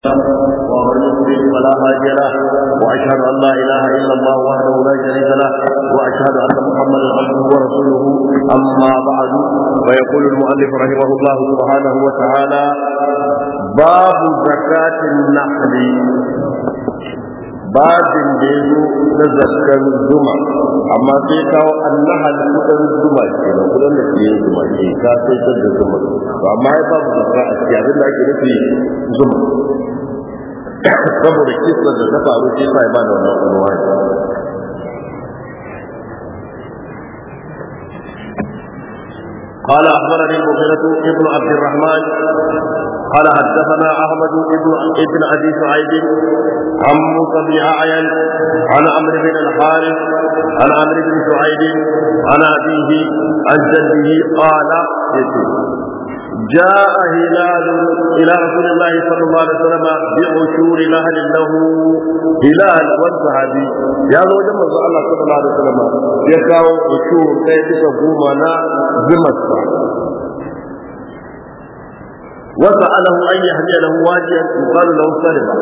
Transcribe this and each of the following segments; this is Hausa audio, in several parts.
ومن يضلل فلا هادي له واشهد ان لا اله الا الله وحده لا شريك له واشهد ان محمدا عبده ورسوله اما بعد فيقول المؤلف رحمه الله سبحانه وتعالى باب زكاة النحل باب ديزو تزكى الزمع اما سيكاو النحل كتن الزمع كنا كلنا في الزمع كاسي تزكى الزمع فما يبقى زكاة يعني لكن في زمع saboda kisar da ta faru shi sa ba da wannan ruwa قال اخبرني المغيرة ابن عبد الرحمن قال حدثنا احمد ابن ابن ابي سعيد عن موسى بن اعين عن عمرو بن الحارث عن عمرو بن سعيد عن ابيه عن جده قال جاء هلال إلى رسول الله صلى الله عليه وسلم بعشور لهل له هلال والصحابي يا زوج الله صلى الله عليه وسلم يكاو عشور كيف تقوم أنا بمسا وسأله أن يهدي له واجيا يقال له سلمة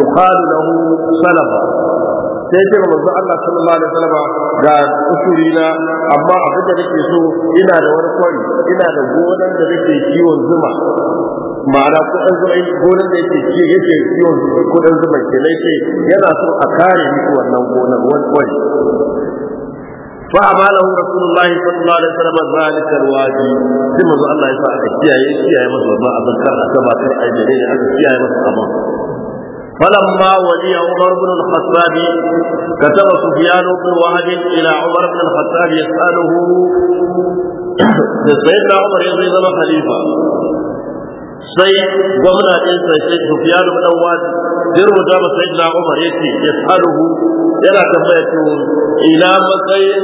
يقال له سلمة sai ce ba zuwa Allah sallallahu alaihi wasallam ga usuri na amma abin da nake so ina da wani kwari ina da gonan da nake kiwon zuma ma'ana kudin zuma gonan da yake ke yake kiwon dan zuma ke nai ce yana so a kare miki wannan gonan wani kwari fa amala hu rasulullahi sallallahu alaihi wasallam zalika alwaji sai mazu Allah ya sa a kiyaye kiyaye masa wannan abin kar a saba kar a jere ne a kiyaye masa amma فلما ولي عمر بن الخطاب كتب سفيان بن وهب الى عمر بن الخطاب يساله سيدنا عمر يزيد خليفه sai gwamna ɗin sai sai Sufyan ibn Awad ya rubuta ma sayyidina Umar yace yasaluhu yana tambaya to ina matsayin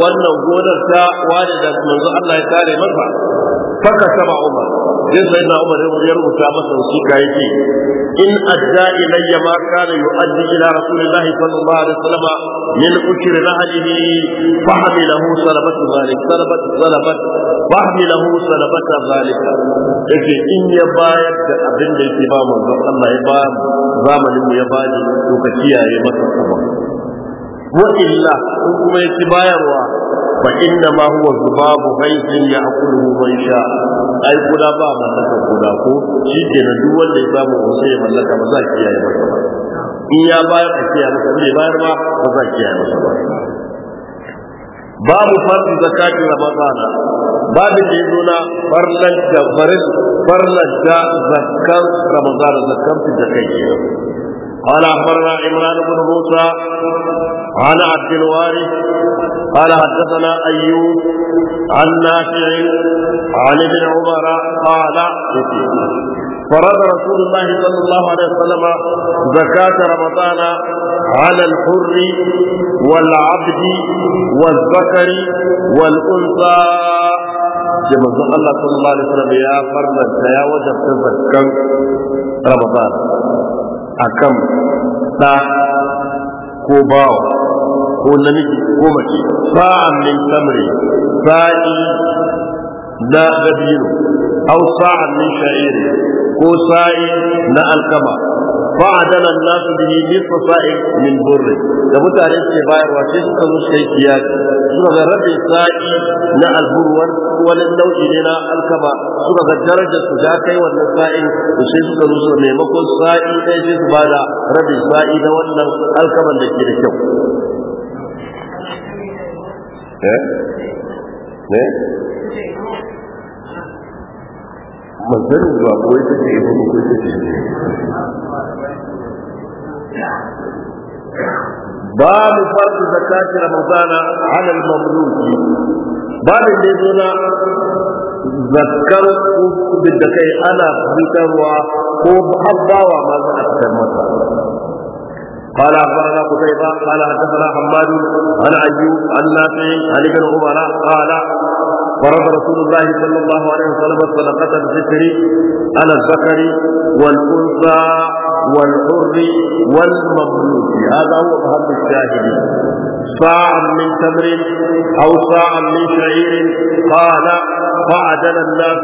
wannan gonar ta wani da manzo Allah ya kare masa faka saba umar sai sai na umar ya rubuta masa wasiƙa yake in adda ilayya ma kana yu'addi ila rasulillahi sallallahu alaihi wasallam min ukr nahlihi fahmilahu salabatu zalik salabat salabat fahmilahu salabata zalik yake in ya bayar da abin da yake ba manzon Allah ya ba zamanin mu ya bani to ka kiyaye masa kuma wa illa in kuma yake bayarwa فإنما هو ذباب غيث يأكله من شاء أي كلا با ملك كلا كو شيء ندوى اللي سامو وسيء ملك مزاكي يا مكبا إن يا باير أكي يا مكبا إن باير ما مزاكي يا مكبا باب فرد زكاة رمضان باب جيدونا فرلن جبرس فرلن جا زكاة رمضان زكاة زكاة قال أخبرنا عمران بن موسى عن عبد الوارث قال حدثنا أيوب عن نافع عن ابن عمر قال فرض رسول الله صلى الله عليه وسلم زكاة رمضان على الحر والعبد والذكر والأنثى كما الله صلى الله عليه وسلم يا فرد يا وجب تزكى رمضان أكم تا كوباو ko namiji goma ce sa'an min samri sa'i na dabino aw sa'an min sha'iri ko sa'i na alkama ba a فعدل الناس به نصف sa'i min بر da mutane suke bayarwa sai suka zo suka yi siyasi suka ga rabin sa'i na alburwar wani nau'i ne na alkama suka ga darajar su ta kai wannan sa'i to sai suka zo su maimakon sa'i ɗaya sai su bada rabin sa'i na wannan alkaman da ke da kyau eh eh zuwa kawai ta ce ta ce babu farzu zakati ramadana a al-mamluki ba da zo na zakkar da kai ana fitarwa ko abawa ma za a mata قال اخبرنا قتيبة قال حدثنا حماد عن ايوب عن نافع عن ابن عمر قال فرض رسول الله صلى الله عليه وسلم صدقة الذكر على الذكر والانثى والحر والمملوك هذا هو اهم الشاهد صاع من تمر او صاع من شعير قال فعدل الناس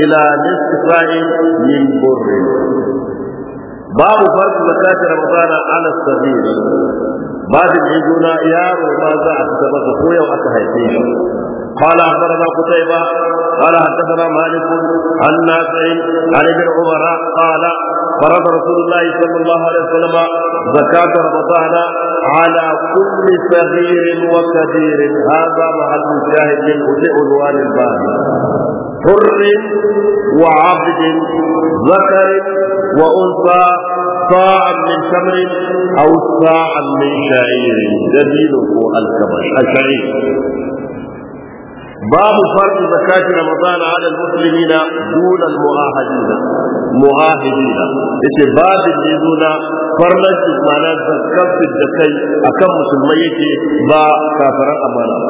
الى نصف من بر باب فرض زكاة رمضان على الصغير بعد يجونا يا ما زعت تبقى خويا وأتهيتين قال اخبرنا قتيبة قال حدثنا مالك عن نافع عن ابن عمر قال فرض رسول الله صلى الله عليه وسلم زكاة رمضان على كل صغير وكبير هذا مع المشاهد من عنوان الباهي حر وعبد ذكر وأنثى صاعا من تمر أو صاعا من شعير دليل الكبش الشعير باب فرض زكاة رمضان على المسلمين دون المعاهدين معاهدين إذا باب يزون فرض معناها زكاة الزكاة أكم الميت با كافر أمانة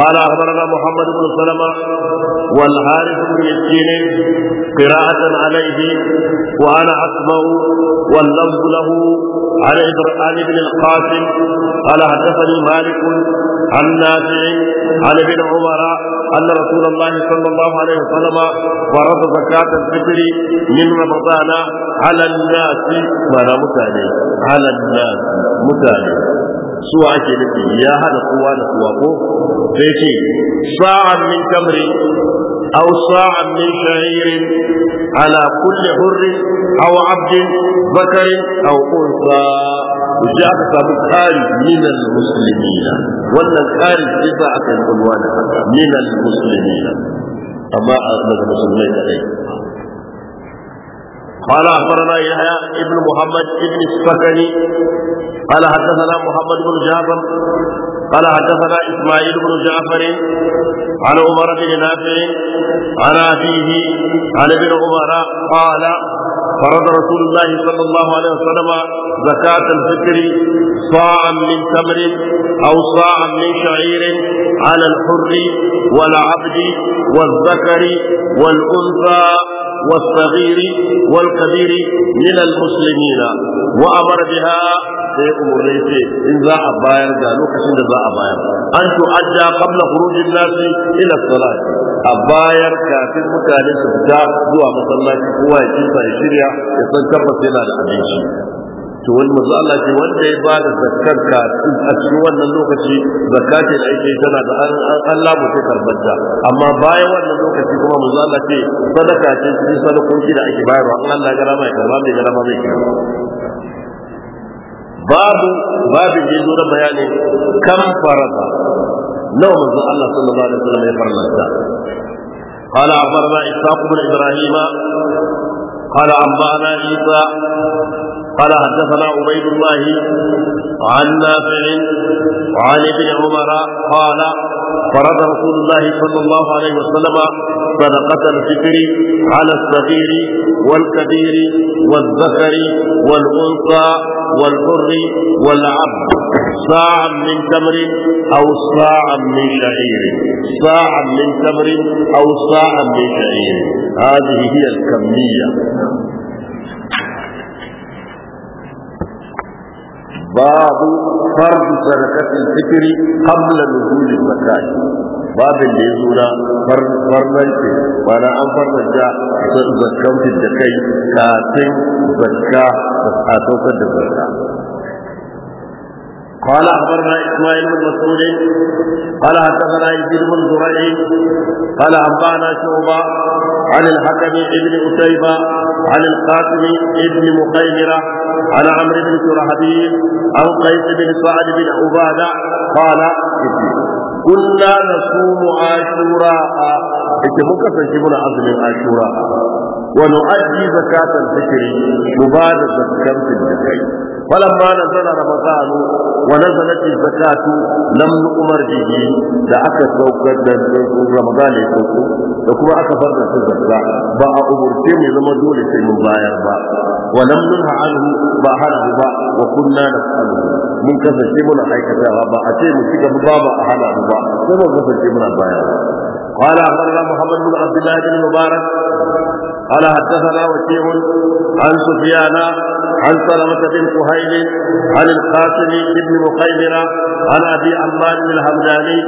قال أخبرنا محمد بن سلمة والحارث بن يسين قراءة عليه وأنا أسمع واللفظ له عن إبراهيم بن القاسم قال حدثني مالك عن نافع عن ابن عمر أن رسول الله صلى الله عليه وسلم فرض زكاة الفطر من رمضان على الناس لا متاني على الناس متاني suwa ake nufi ya hada kowa da kowa ko sai ce sa'an min kamri aw sa'an min sha'irin ala kulli hurrin aw abdin zakarin aw unsa ji aka samu kari minal muslimina wannan kari sai ba aka yi kulwa da haka minal muslimina amma a musulmai kadai قال اخبرنا يحيى ابن محمد ابن السكني قال حدثنا محمد بن جعفر قال حدثنا اسماعيل بن جعفر عن عمر بن نافع عن ابيه عن ابن عمر قال فرض رسول الله صلى الله عليه وسلم زكاة الفطر صاعا من تمر أو صاعا من شعير على الحر والعبد والذكر والأنثى والصغير والكبير من المسلمين na بها sai umarni ce in za a bayar da lokacin da za a bayar an tu'adda qabla khurujin nasi ila salati a bayar kafin mutane su fita zuwa masallaci kowa ya ya shirya ya san tabbas yana da abinci to wani manzo Allah ce wanda ya bada zakar ka a cikin wannan lokaci zakka ce da ake tana da Allah mu ta karbanta amma bayan wannan lokaci kuma manzo Allah ce sadaka ce cikin sadakoki da ake bayarwa in Allah ya rama ya karba mai rama mai karba babu babu je zo bayani kam farada nawa manzo Allah sallallahu alaihi wasallam ya farlanta قال أخبرنا إسحاق بن إبراهيم قال أنبأنا عيسى قال حدثنا عبيد الله عن نافع وعن ابن عمر قال فرض رسول الله صلى الله عليه وسلم صدقة الفطر على الصغير والكبير والذكر والأنثى والحر والعبد ساعة من تمر أو ساعة من شعير ساعة من تمر أو ساعة من شعير هذه هي الكمية باب فرض زكاة الفطر قبل نزول الزكاة babin da ya zo na farnance mana an farnanta zakkan da kai kafin zakka a saukar da zakka قال اخبرنا اسماعيل بن مسعود قال حدثنا يزيد بن زريع قال انبانا شعبه عن الحكم بن اتيبه عن القاسم بن مخيمره عن عمرو بن شرحبيل عن قيس بن سعد بن عباده قال كنا نصوم عاشوراء ake mun kasance muna azumin ashura wa nu'addi zakatal fitri mu ba da zakkan fitri فلما نزل رمضان ونزلت الزكاة لم نؤمر به da aka saukar da Ramadan ya sauko da kuma aka farda su zakka ba a umurce mu zama dole sai mun bayar ba wa lam nunha anhu ba hanahu ba wa kunna nasalu mun kasance muna aikatawa ba a ce mu ci gaba ba a hana ba sai mun kasance muna bayar قال أخبرنا محمد بن عبد الله بن مبارك قال حدثنا وكيع عن سفيان عن سلمة بن قهيل عن القاسم بن مخيمر عن أبي عمار بن الهمداني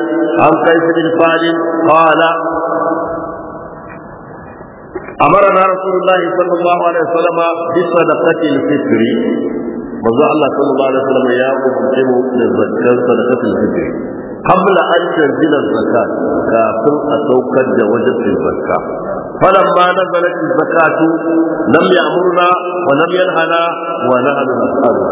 عن قيس بن فعل قال أمرنا رسول الله صلى الله عليه وسلم بصدقة الفطر manzo Allah sallallahu alaihi wasallam ya umarce mu da zakkar sadaqatul fitr qabla an tanzila zakat kafin a saukar da wajibin zakka فلما نزلت الزكاة لم يأمرنا ولم ينهنا ونحن نسأله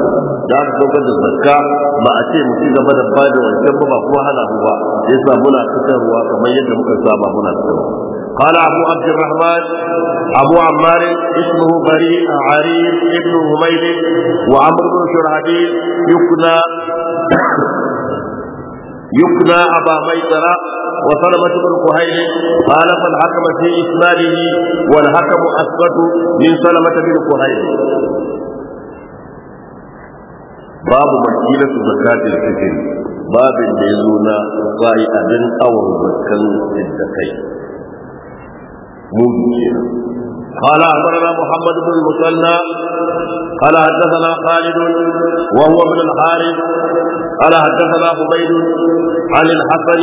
ذلك سوكت الزكاة ما أتي مسيدة بدا بادا والجنب ما هو هنا هو يسا هنا تسروا كما يجب أن يسابع هنا تسروا قال أبو عبد الرحمن أبو عمار اسمه بريء عريب ابن هميل وعن عمرو بن شرهدي يكنى يكنى أبا ميسرة وسلمة بن كهيل قال فالحكم في إسناده والحكم أثبت من سلمة بن كهيل باب مكيلة زكاة الفطر باب يزونا قاي أبن أو زكاة الزكاة ممكن قال أخبرنا محمد بن المثنى قال حدثنا خالد وهو ابن الحارث قال حدثنا عبيد عن الحسن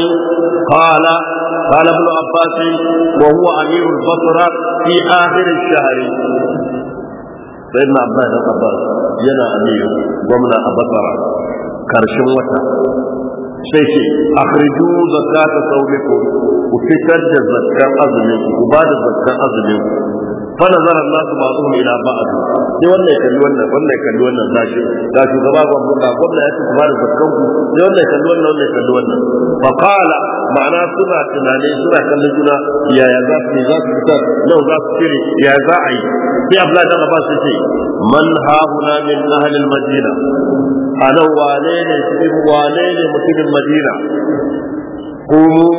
قال قال ابن عباس وهو أمير البصرة في آخر الشهر سيدنا عباس عباس ينا أمير ومن البصرة كرشم وتا sai اخرجوا زكاة zakata saulikum ku fitar da zakkan azumin ku fa nazara an-nas ba'dhum sai wannan ya kalli wannan wannan ya kalli wannan zashi ga shugaba ba mu da gwamnati ya ce ku bada zakkan ku sai wannan ya kalli wannan wannan kalli wannan fa qala ma'ana suna tunani suna kallon juna yaya za su za su fitar nau za su cire yaya za a yi sai Abdullahi dan Abbas ya ce man hahuna min ahli al-madina anan wane ne cikin wane ne mutumin madina قوموا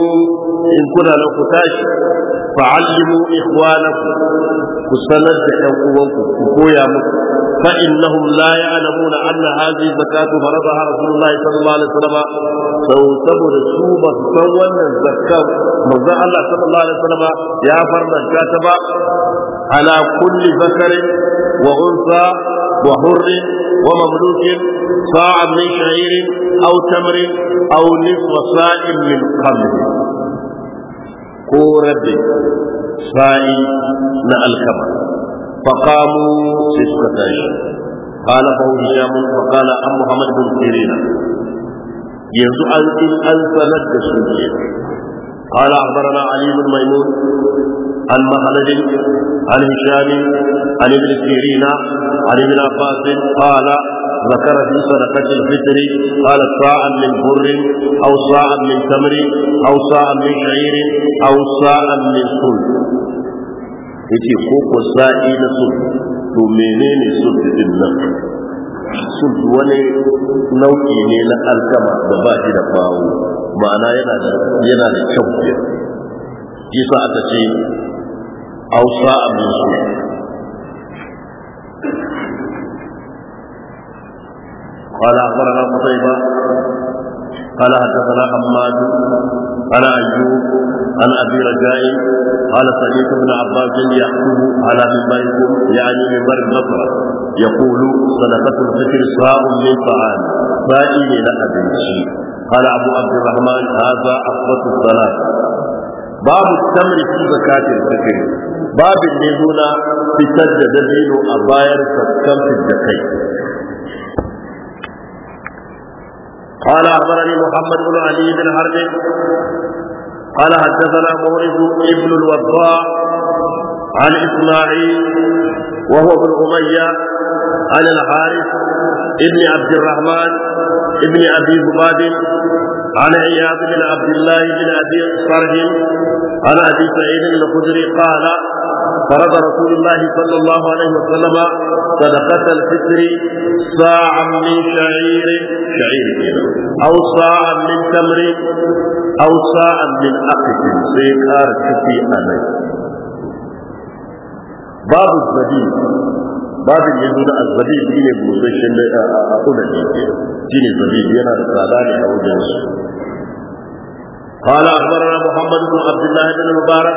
إن كنا لو كتاش فعلموا إخوانكم كسند أنقوانكم كفويا فإنهم لا يعلمون أن هذه الزكاة فرضها رسول الله صلى الله عليه وسلم لو سبب سوبة سوان الزكاة مرضى الله صلى الله عليه وسلم يا فرد الزكاة على كل ذكر وأنثى وحر ومملوك صاع من شعير أو تمر أو نصف صاع من قمر كورب صاع نا الخمر فقاموا سسكتاش قال فهو هشام فقال عن محمد بن سيرين يزعل إن أنت لك قال أخبرنا علي بن ميمون عن مخلد عن هشام عن ابن سيرين عن ابن عباس قال ذكر في صدقة الفطر قال صاعا من بر أو صاعا من تمر أو صاعا من شعير أو صاعا من سل يجي فوق ساعي لسل تمينين سل في sulh wani nau'i ne na alkama da ba shi da bawo ma'ana yana da kyau shi sa aka ce ausa abin su قال أخبرنا قتيبة قال حدثنا حماد عن أيوب عن أبي رجاء قال سمعت ابن عباس يحكم على منبركم يعني منبر النصرة يقول صدقة الفكر صاع من طعام سائل إلى أبنتي قال أبو عبد الرحمن هذا أخبث الصلاة باب التمر في زكاة الفكر باب اللي هنا في da دليل a bayar zakkan قال أخبرني محمد بن علي بن حرب قال حدثنا مورد ابن الوضاء عن إسماعيل وهو ابن أمية عن الحارث ابن عبد الرحمن ابن أبي زباد عن عياض بن عبد الله بن ابي صرح عن ابي سعيد الخدري قال فرض رسول الله صلى الله عليه وسلم صدقة الفطر ساعة من شعير شعير أو ساعة من تمر أو ساعة من أقف سيكار في أمي باب الزبيب باب يزول الزبيب إلى بوسيش أقول لك جيني الزبيب ينا الزبيب ينا قال أخبرنا محمد بن عبد الله بن المبارك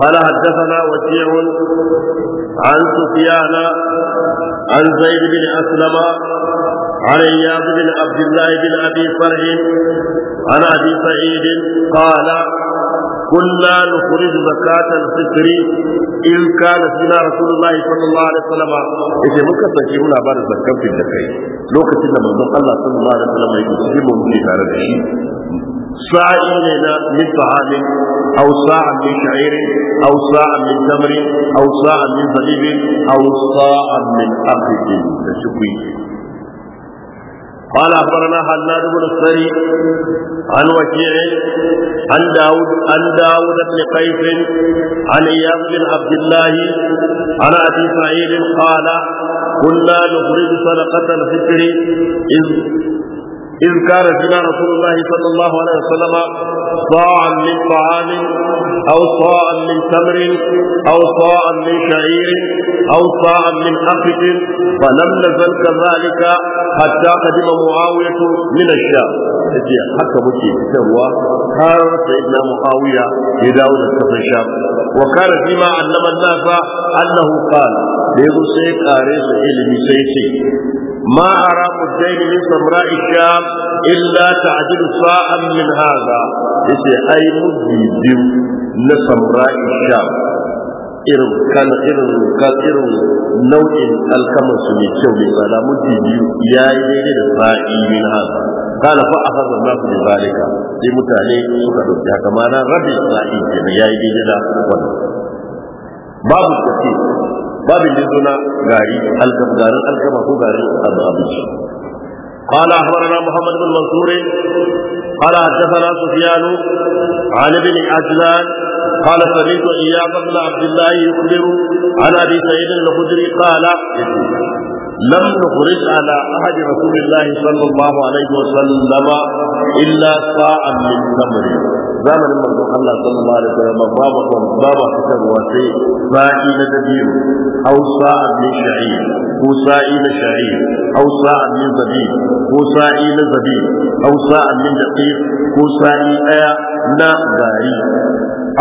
قال حدثنا وكيع عن سفيان عن زيد بن أسلم عن اياد بن عبد الله بن ابي فرح عن ابي سعيد قال كنا نخرج زكاة الفطر إن كان فينا رسول الله صلى الله عليه وسلم إذا مكة تجيبون عبارة زكاة في الزكاة لو كتبنا من الله صلى الله عليه وسلم يجب أن يكون ساعة لنا من طعام أو ساعة من شعير أو ساعة من تمر أو ساعة من صليب أو ساعة من أرض الشكوي قال أخبرنا حناد بن السري عن وكيع عن داود عن داود بن قيس عن إياس بن عبد الله عن أبي سعيد قال كنا نخرج صدقة الفكر إذ إذ كان بنا رسول الله صلى الله عليه وسلم صاعا من طعام أو صاعا من تمر أو صاعا من شعير أو صاعا من أخت فلم نزل كذلك حتى قدم معاوية من الشام حتى بكي هو قال سيدنا معاوية يداود السفر الشام وكان فيما علم الناس أنه قال ليغسي قارئ إلى سيتي ما أرى الدين من سمراء الشام illa ta'dil sa'an min hadha yace ai muddi biyu na samra'i sham irin kan irin kan irin nau'in alkamar su ne kyau ne tsada muddi biyu ya yi daidai da sa'i min hadha kana fa akhadha Allah bi zalika sai mutane suka dauki haka ma na rabi sa'i kenan ya yi daidai da wannan babu kace babu ne zuna gari alkama garin alkama ko garin abu abinci قال أخبرنا محمد بن منصور قال حدثنا سفيان عن ابن عجلان قال سمعت إياس بن عبد الله يخبر عن أبي سعيد الخدري قال لم نخرج على أحد رسول الله صلى الله عليه وسلم إلا صاعا من تمر zamanin manzon Allah sallallahu alaihi wasallam babu babu fitarwa sai sa'i na dabiru aw sa'a min sha'ir ko sa'i na sha'ir aw sa'a min zabib ko sa'i na zabib aw sa'a min daqiq ko sa'i daya na gari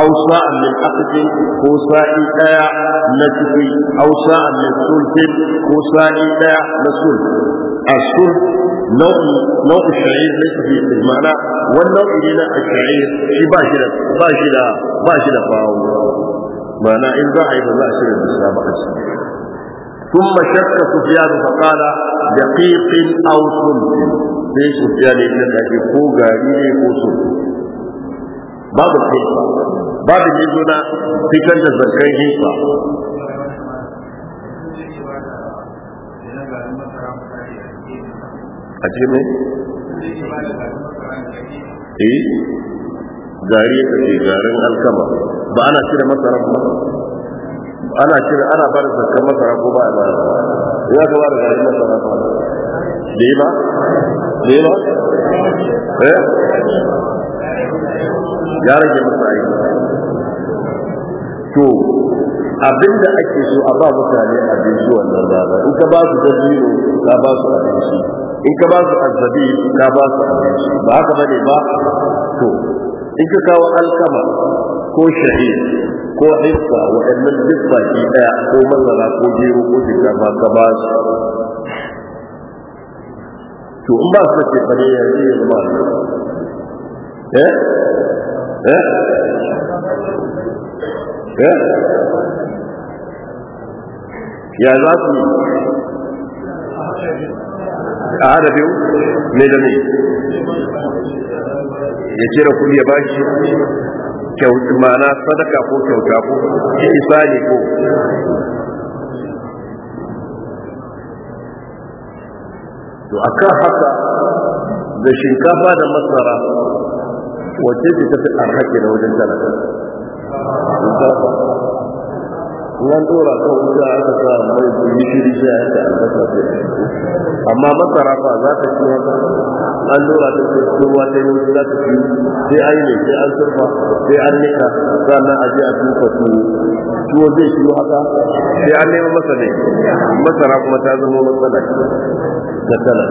aw sa'a min aqd ko sa'i daya na kifi aw sa'a min sulh ko sa'i daya na sulh as nau'i nau'i shari'ir ne su fi wani nau'i ne na a shari'ir ba shi da ba in za a yi ba za a shi da bisa a shi sun mashakka su fiya da fakala da sai su da ita da ko gari ne ko su babu kai babu ne zuna fitar da zarkar jefa a ce mai eh gari ka ce garin alkama ba ana cire masara ba ana cire ana ba da zakar masara ko ba a ba ya ga ba da garin masara ba ne ba ne ba eh ya rage masa aiki to abinda ake so a ba mutane abinci wannan rana in ka ba su dabino ka ba su abinci in ka ba su azabi ka ba su ba haka ne ba to in ka kawo alkama ko shahi ko wa annan duk ki daya ko mazara ko jiru ko shinkafa ka ba su to in ba su ce fare ya zai yi ba eh eh eh ya za su a harafin ne da ne ya cire kudi ya bashi kyautu mana sadaka ko kyauta ko ya isa ne ko to akan haka da shinkafa da masara wacce ce ta fi arhaƙi na wajen talaka nan dora ko wuta aka sa mai gishiri sai ya ta albasa sai amma masara fa za ta ci haka an dora ta ce kowa wata ne za ta ci sai ai ne sai an surfa sai an nika sannan a je a tuka tuwo tuwo zai shi haka sai an nema masa ne masara kuma ta zama matsala da kala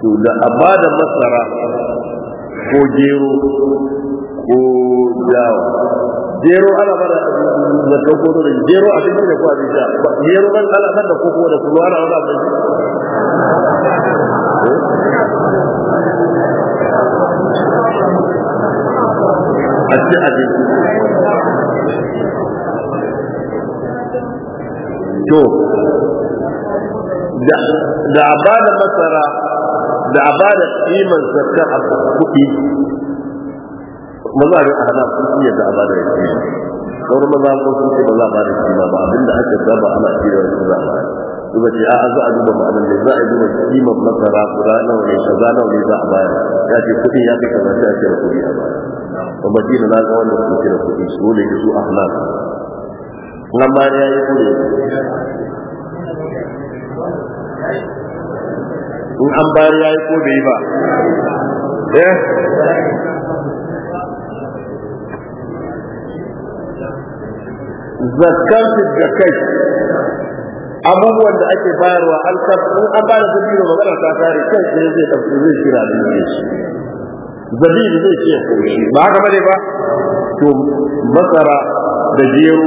to da abada masara ko gero ko yawo jero ala bada da koko da jero a cikin da kwa bi ta jero ban ala ban da koko da kuma ana wani abin shi. Eh? ci abinci to da a bada masara da a bada kiman zakka a kuɗi a hana sun iya da abada ya ce maza mazarin sun ce ba za a ba da shi ba abinda ake saba ana cewa su za a suka ce a'a za a duba ma'anar ne za a duba kimar masara guda nawa ne za nawa ne za a bayar ya ce kuɗin ya fi kaza ta a cire kuɗi a bayar ba madina na ga wanda su cire kuɗi su ne su ahnaf nan ma ya yi kuɗi in an bayar ya yi ko da yi ba eh zakkan da kai abubuwan da ake bayarwa alkar in an bayar da zabiru magana ta kare kai sai zai tafi zai shira da ne zabiru zai ce koshi ba haka bane ba to masara da gero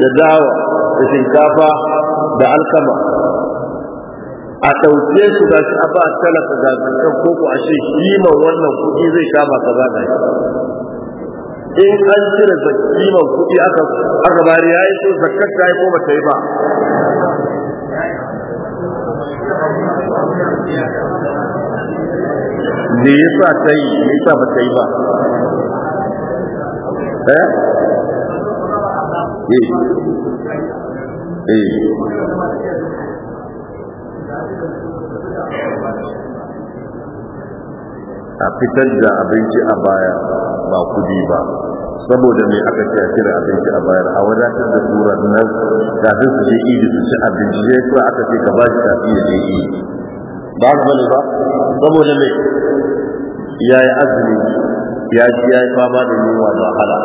da dawa da shinkafa da alkama a ɗauke su ga shi a ba talaka ga zancen koko a ce kiman wannan kuɗi zai kama kaza in an cire zaki kuɗi aka aka bari yayi ko zakkar ta yi ko ba ta yi ba me yasa ta yi me yasa ba ta yi ba eh eh, eh. a fitar da abinci a baya ba kudi ba saboda mai aka ce a cire abinci a bayar a wadatar da surar nan kafin su je idi su ci abinci ya kuma aka ce ka ba shi kafin ya je idi ba ka bane ba saboda mai ya yi azumi ya ya yi fama da yunwa da wahala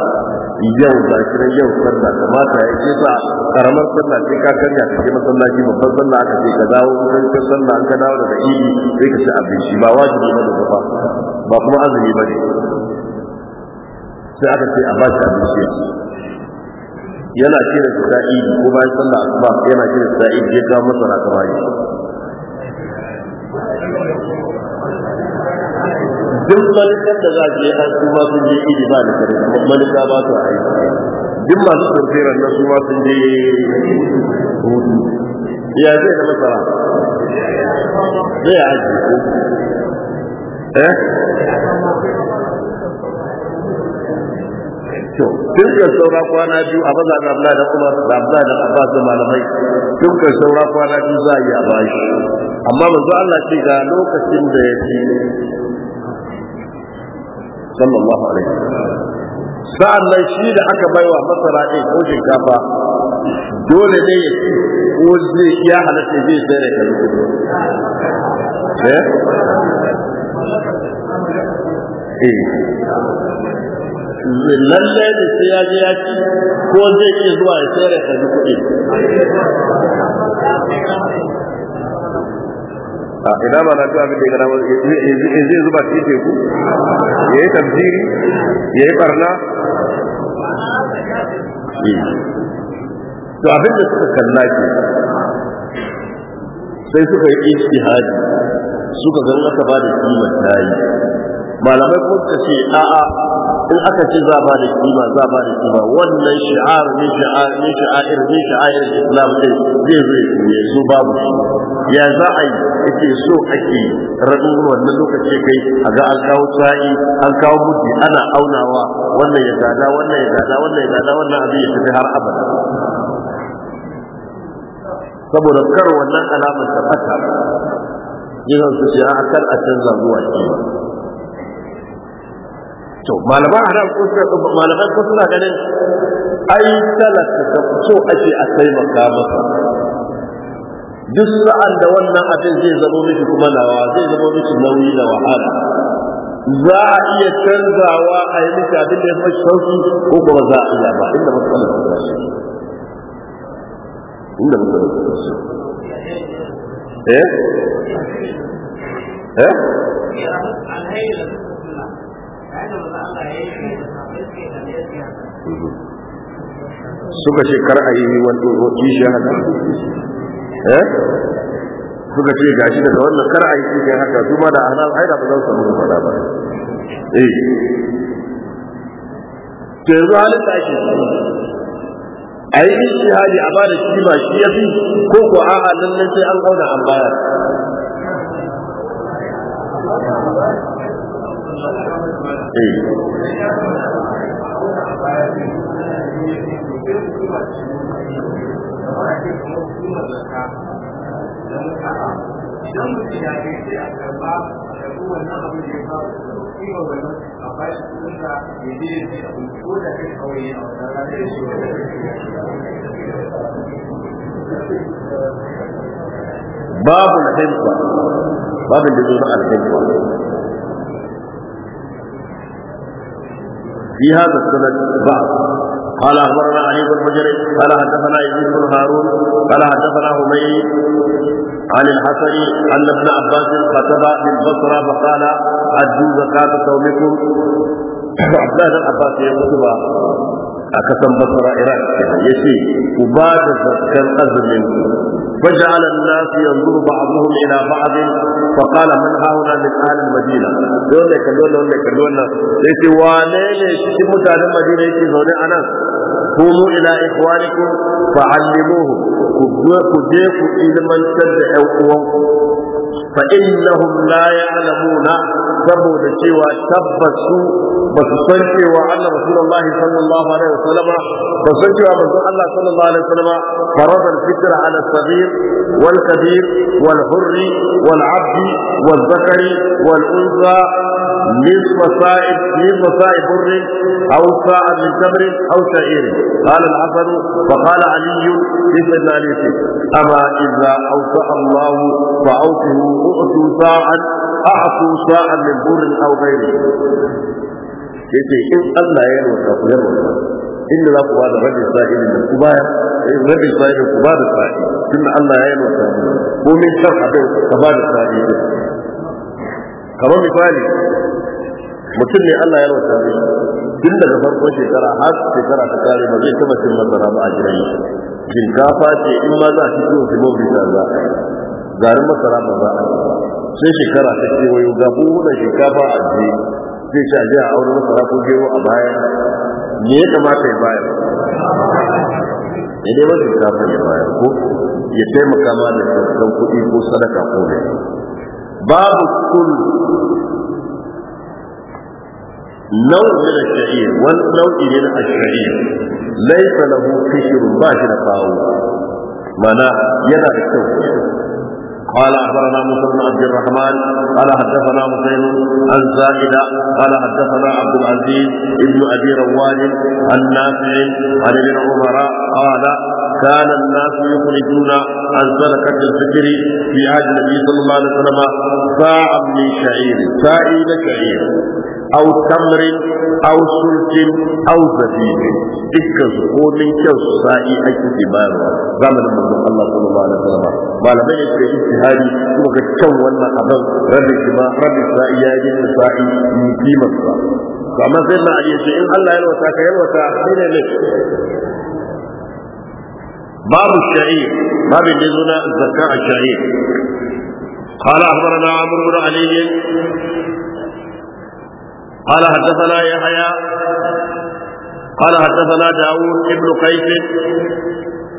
yau ga kiran yau sallah kamata ya ce sa karamar sallah sai ka karya ka je masallaci babban sallah aka ce ka dawo wurin kan sallah an ka dawo daga idi sai ka ci abinci ba wajibi ba da ba ba kuma azumi ba ne sai aka ce a ba shi abinci yana kira ta idi ko bayan sallah ba, yana kira ta idi ya ga masara kamar shi duk manufar da za je an su ma sun je iri ba da kare manufa ba su aiki duk masu tsofiran na su ma sun je ya zai da masara zai aji eh to dukkan saura kwana biyu a maza da Abdullah da Umar da Abdullah da Abbas da malamai ka saura kwana biyu za a yi a bashi amma manzo Allah ce ga lokacin da ya ce sallallahu alaihi wasallam sa'an nan shi da aka baiwa masara ɗin ko shinkafa dole ne ya ci ko zai ya halatta zai sai da kan eh? eh lallai da sai ya je ya ci ko zai iya zuwa ya sayar da kuɗi idan ba na abin da ya gada zai zuba shi teku ya yi tafsiri ya yi barna to abin da suka kalla ke sai suka yi ijtihadi suka ga aka ba da kimar tayi malamai kuma suka ce a'a in aka ce za ba da shi ba za ba da shi ba, wannan shi'ar ne shi'ar ne shi'ar ne shi'ar islam ne zai zai ne su babu ya za a yi ake so ake raɗin wannan lokaci kai a ga an kawo sa'i an kawo mutu ana aunawa wannan ya gada wannan ya gada wannan ya gada wannan abin ya tafi har abada saboda kar wannan alamar ta fata zan su ce a kar a canza zuwa kima to malaman haram ko suna malaman ko suna ganin ai talaka da so ake a sai maka maka duk sa'an da wannan abin zai zama miki kuma nawa zai zama miki nauyi da wahala za a iya canzawa a yi miki abin da ya fi sauki ko kuma za a iya ba inda matsalar ta shi inda matsalar ta shi eh eh suka ce kar a yi wani shi haka eh suka ce shi daga wannan kar a yi shi haka su ma da ahnaf ai da ba za su samu fada ba eh ke yanzu halin da ake a yi ishtihadi a bada shi ba shi ya fi ko ko a'a nan nan sai an auna an bayar eh idan mutum babu alhimfa babu da na alhimfa في هذا السند بعض قال اخبرنا علي بن حجر قال حدثنا يزيد بن هارون قال حدثنا حميد عن الحسن ان ابن عباس خطب بالبصره فقال ادوا زكاه قومكم عبد الله بن عباس يخطب a kasan basara iraq ya ce ku ba da zakkan azumin وجعل الناس ينظر بعضهم الى بعض فقال من هؤلاء من اهل المدينه دون لك دون لك دون يتي وانين يتي متان المدينه يتي زون انا قوموا الى اخوانكم فعلموهم كجيكم الى من تدعوا فانهم لا يعلمون saboda cewa tabbas su ba su san cewa Allah Rasulullahi sallallahu alaihi wasallam ba su cewa Allah sallallahu alaihi wasallam farada al-fitra ala wal kabir wal hurri wal abdi wal zakari wal unsa نصف صائب نصف صائب بر او ساعة من تمر او شعير قال الحسن وقال علي في سيدنا علي اما اذا اوسع الله فاوسعوا اعطوا ساعا اعطوا ساعا min burin aw ghairi yace in Allah ya yarda ku yarda inda za ku ba da rabin sa'ilin da ku baya eh, rabin sa'ilin ku ba da sa'i tunda Allah ya yarda ku ko min shar abin ka ba da sa'i kamar misali mutum ne Allah ya yarda ku tun daga farkon shekara har shekara ta kare ba zai taba cin masara ba a jirai shi shinkafa ce in ma za a ci ciwon simon bisa za a yi masara ba za a yi sai shekara ta kewayo ga buhuna shinkafa a je zai ci a je a aure masara ko gero a baya me ya kamata ya bayar ya dai shinkafa ya bayar ko ya taimaka ma da sassan kuɗi ko sadaka ko ne babu kul نوع na الشعير والنوع من الشعير ليس shi قشر باشر Mana yana da kyau. قال اخبرنا موسى بن عبد الرحمن قال حدثنا حسين عن زائده قال حدثنا عبد العزيز بن ابي رواد عن نافع عن ابن عمر قال كان الناس يخرجون عن صدقه الفكر في عهد النبي صلى الله عليه وسلم ساعا من شعير ساعي شعير aw tamrin aw sultin aw zabibin dukkan su komin kyau su sa'i ake ke bayarwa zamanin manzon Allah sallallahu alaihi wasallam malamai ne suka ijtihadi kuma ga kyan wannan abin rabbi kima rabbi sa'i ya yi sa'i mun kimar sa amma sai na ali ce in Allah ya yalwata ka yalwata a sha'ir قال أخبرنا عمرو بن علي قال حدثنا يحيى قال حدثنا داوود بن قيس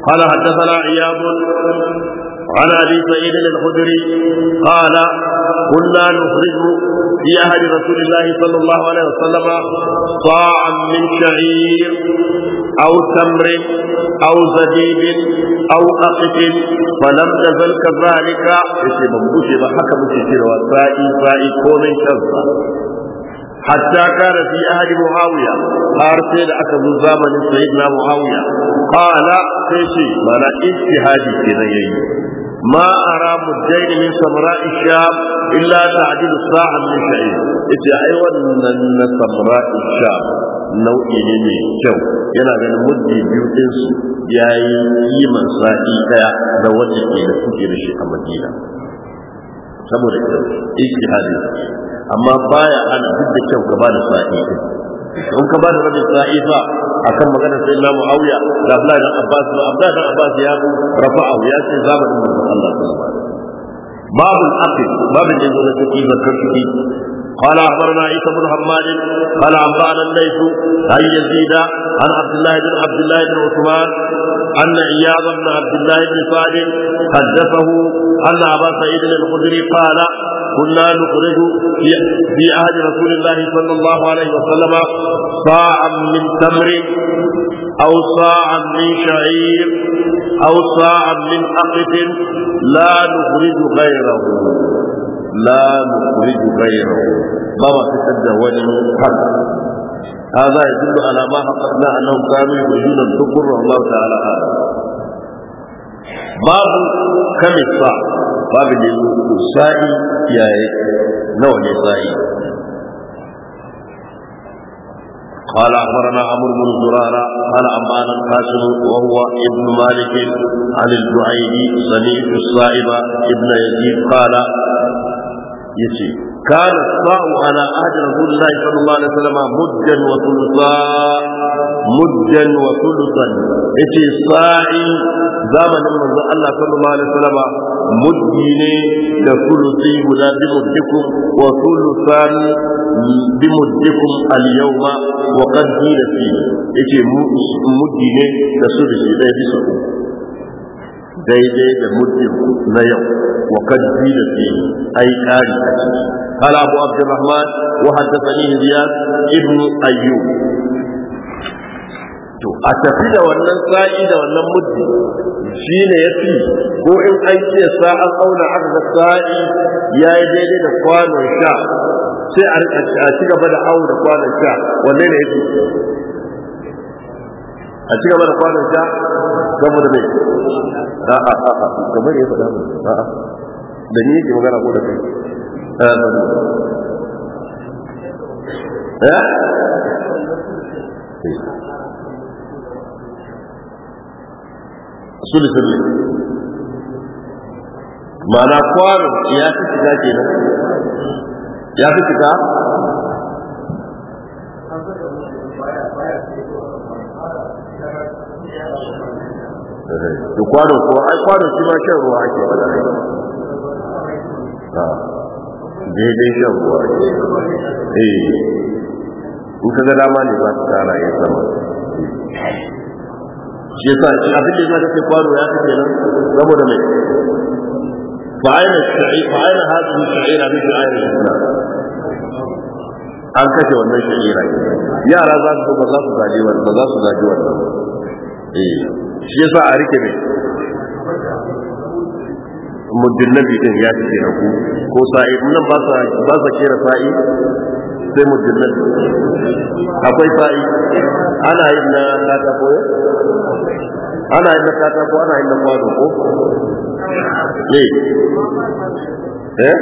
قال حدثنا عياض عن ابي سعيد الخدري قال كنا نخرج في اهل رسول الله صلى الله عليه وسلم صاعا من شعير او تمر او زبيب او اقف فلم تزل كذلك يتي بمبوشي بحكم تشير وسائي سائي كون شرطا hatta kana fi ahadi muawiya har sai da aka zo zamanin sayyidina muawiya qala sai shi mana ijtihadi kenan yayi ما أرى مدين من سمراء الشام إلا تعديل ساعة من شعير إذا أيوان أن سمراء الشام nau'i ne mai kyau yana ganin muddi biyu ɗinsu ya yi yi sa'i ɗaya da wanda ke da kuke da shi a madina saboda kyau amma baya ana duk da kyau ka bada sa'i in ka bada rabin sa'i fa akan maganar sai na muawiya da abdullahi dan abbas ba abdullahi dan abbas ya rafa'u ya ce zamanin manzon Allah sallallahu babu wasallam babul aql babin da yake da kifa قال اخبرنا عيسى بن حماد قال انبانا الليث عن يزيد عن عبد الله بن عبد الله بن عثمان ان اياض بن عبد الله بن سعد حدثه ان ابا سعيد الخدري قال كنا نخرج في عهد رسول الله صلى الله عليه وسلم صاعا من تمر أو صاعا من شعير أو صاعا من أقف لا نخرج غيره لا نخرج غيره بابا تسد ولم حق هذا يدل على ما حققنا انهم كانوا ان تقروا والله تعالى هذا باب كم الساعة باب الساعي يا نوع الساعي قال اخبرنا عمرو بن زراره قال عمان القاسم وهو ابن مالك عن الجعيني سمعت الصائب ابن يزيد قال yace kana sa'u ala ahdi rasulullahi sallallahu alaihi wasallam muddan wa thulutha muddan wa thuluthan yace sa'i zamanin manzo Allah sallallahu alaihi wasallam muddi ne da thuluthi guda bi muddikum wa thuluthan bi muddikum al yawma wa yace muddi da thuluthi dai daidai da muddin na yau wa kan kad da fi ai kari a ciki قال أبو عبد الرحمن وحدثني زياد ابن أيوب to a tafi da wannan sa'i da wannan muddi shi ne ya fi ko in an ce sa'an auna aka sa'i ya yi daidai da kwanon sha sai a ci gaba da auna kwanon sha wanne ne ya fi a ci gaba da kwanan sha da mai a a'a a'a kamar ya faɗa mai a'a da ni yake magana ko da kai a eh, eh? sulhu sulhu ma'ana kwano ya fi shiga kenan ya fi shiga da kwano ko ai kwano shi ma shan ruwa ake dai shan ruwa eh dama ne ba ta ya sama shi yasa shi abin da kwano ya saboda mai shi'ira bi shi'ira an wannan shi'ira yara za su ba za za su wannan eh shi yasa a rike ne muddin nabi din ya fi na ku ko sa'i nan ba sa kera sa'i sai muddin nabi akwai sa'i ana yin na katako ya ana yin na ko ana yin na kwano ko eh ya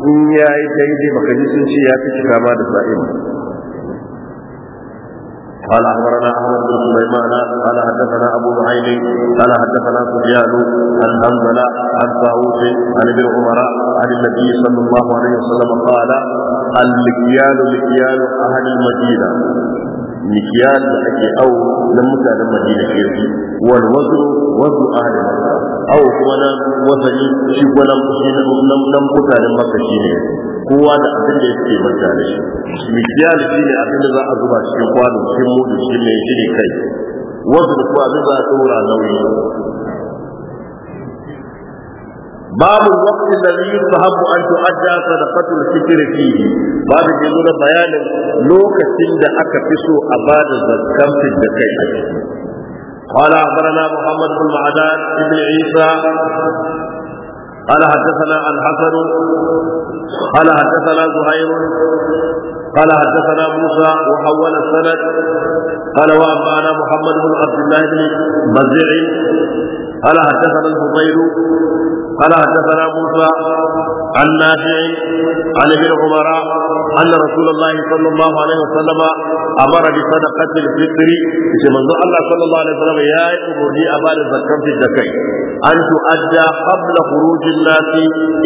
yi ya yi daidai baka sun ce ya fi kama da sa'in قال اخبرنا احمد بن سليمان قال حدثنا ابو نعيم قال حدثنا سفيان عن حنظله عن طاووس عن ابن عمر عن النبي صلى الله عليه وسلم قال المكيال مكيال اهل المدينه مكيال ake au na mutanen madina ke wal wazru wazru ahli awo kuma nan wasani shi kuma na mutanen maka shi ne kowa da abin da yake manta da shi mikiyal shi ne abin da za a zuba cikin kwano cikin shi ne shi ne kai wasu da kuwa abin za nauyi باب الوقت الذي يستحب ان تؤدى صدقه الفطر فيه باب يقول بيان لوكتين da aka fi so a da zakkan da kai قال اخبرنا محمد بن بن عيسى قال حدثنا الحسن قال حدثنا زهير قال حدثنا موسى وحول السند قال وانبانا محمد بن عبد الله بن مزيع قال حدثنا الفضيل قال حدثنا موسى عن نافع عن ابن عمر أن رسول الله صلى الله عليه وسلم أمر بصدقة الفطر كما الله صلى الله عليه وسلم يا أمرني أبال الزكاة في الزكاة أن تؤدى قبل خروج الناس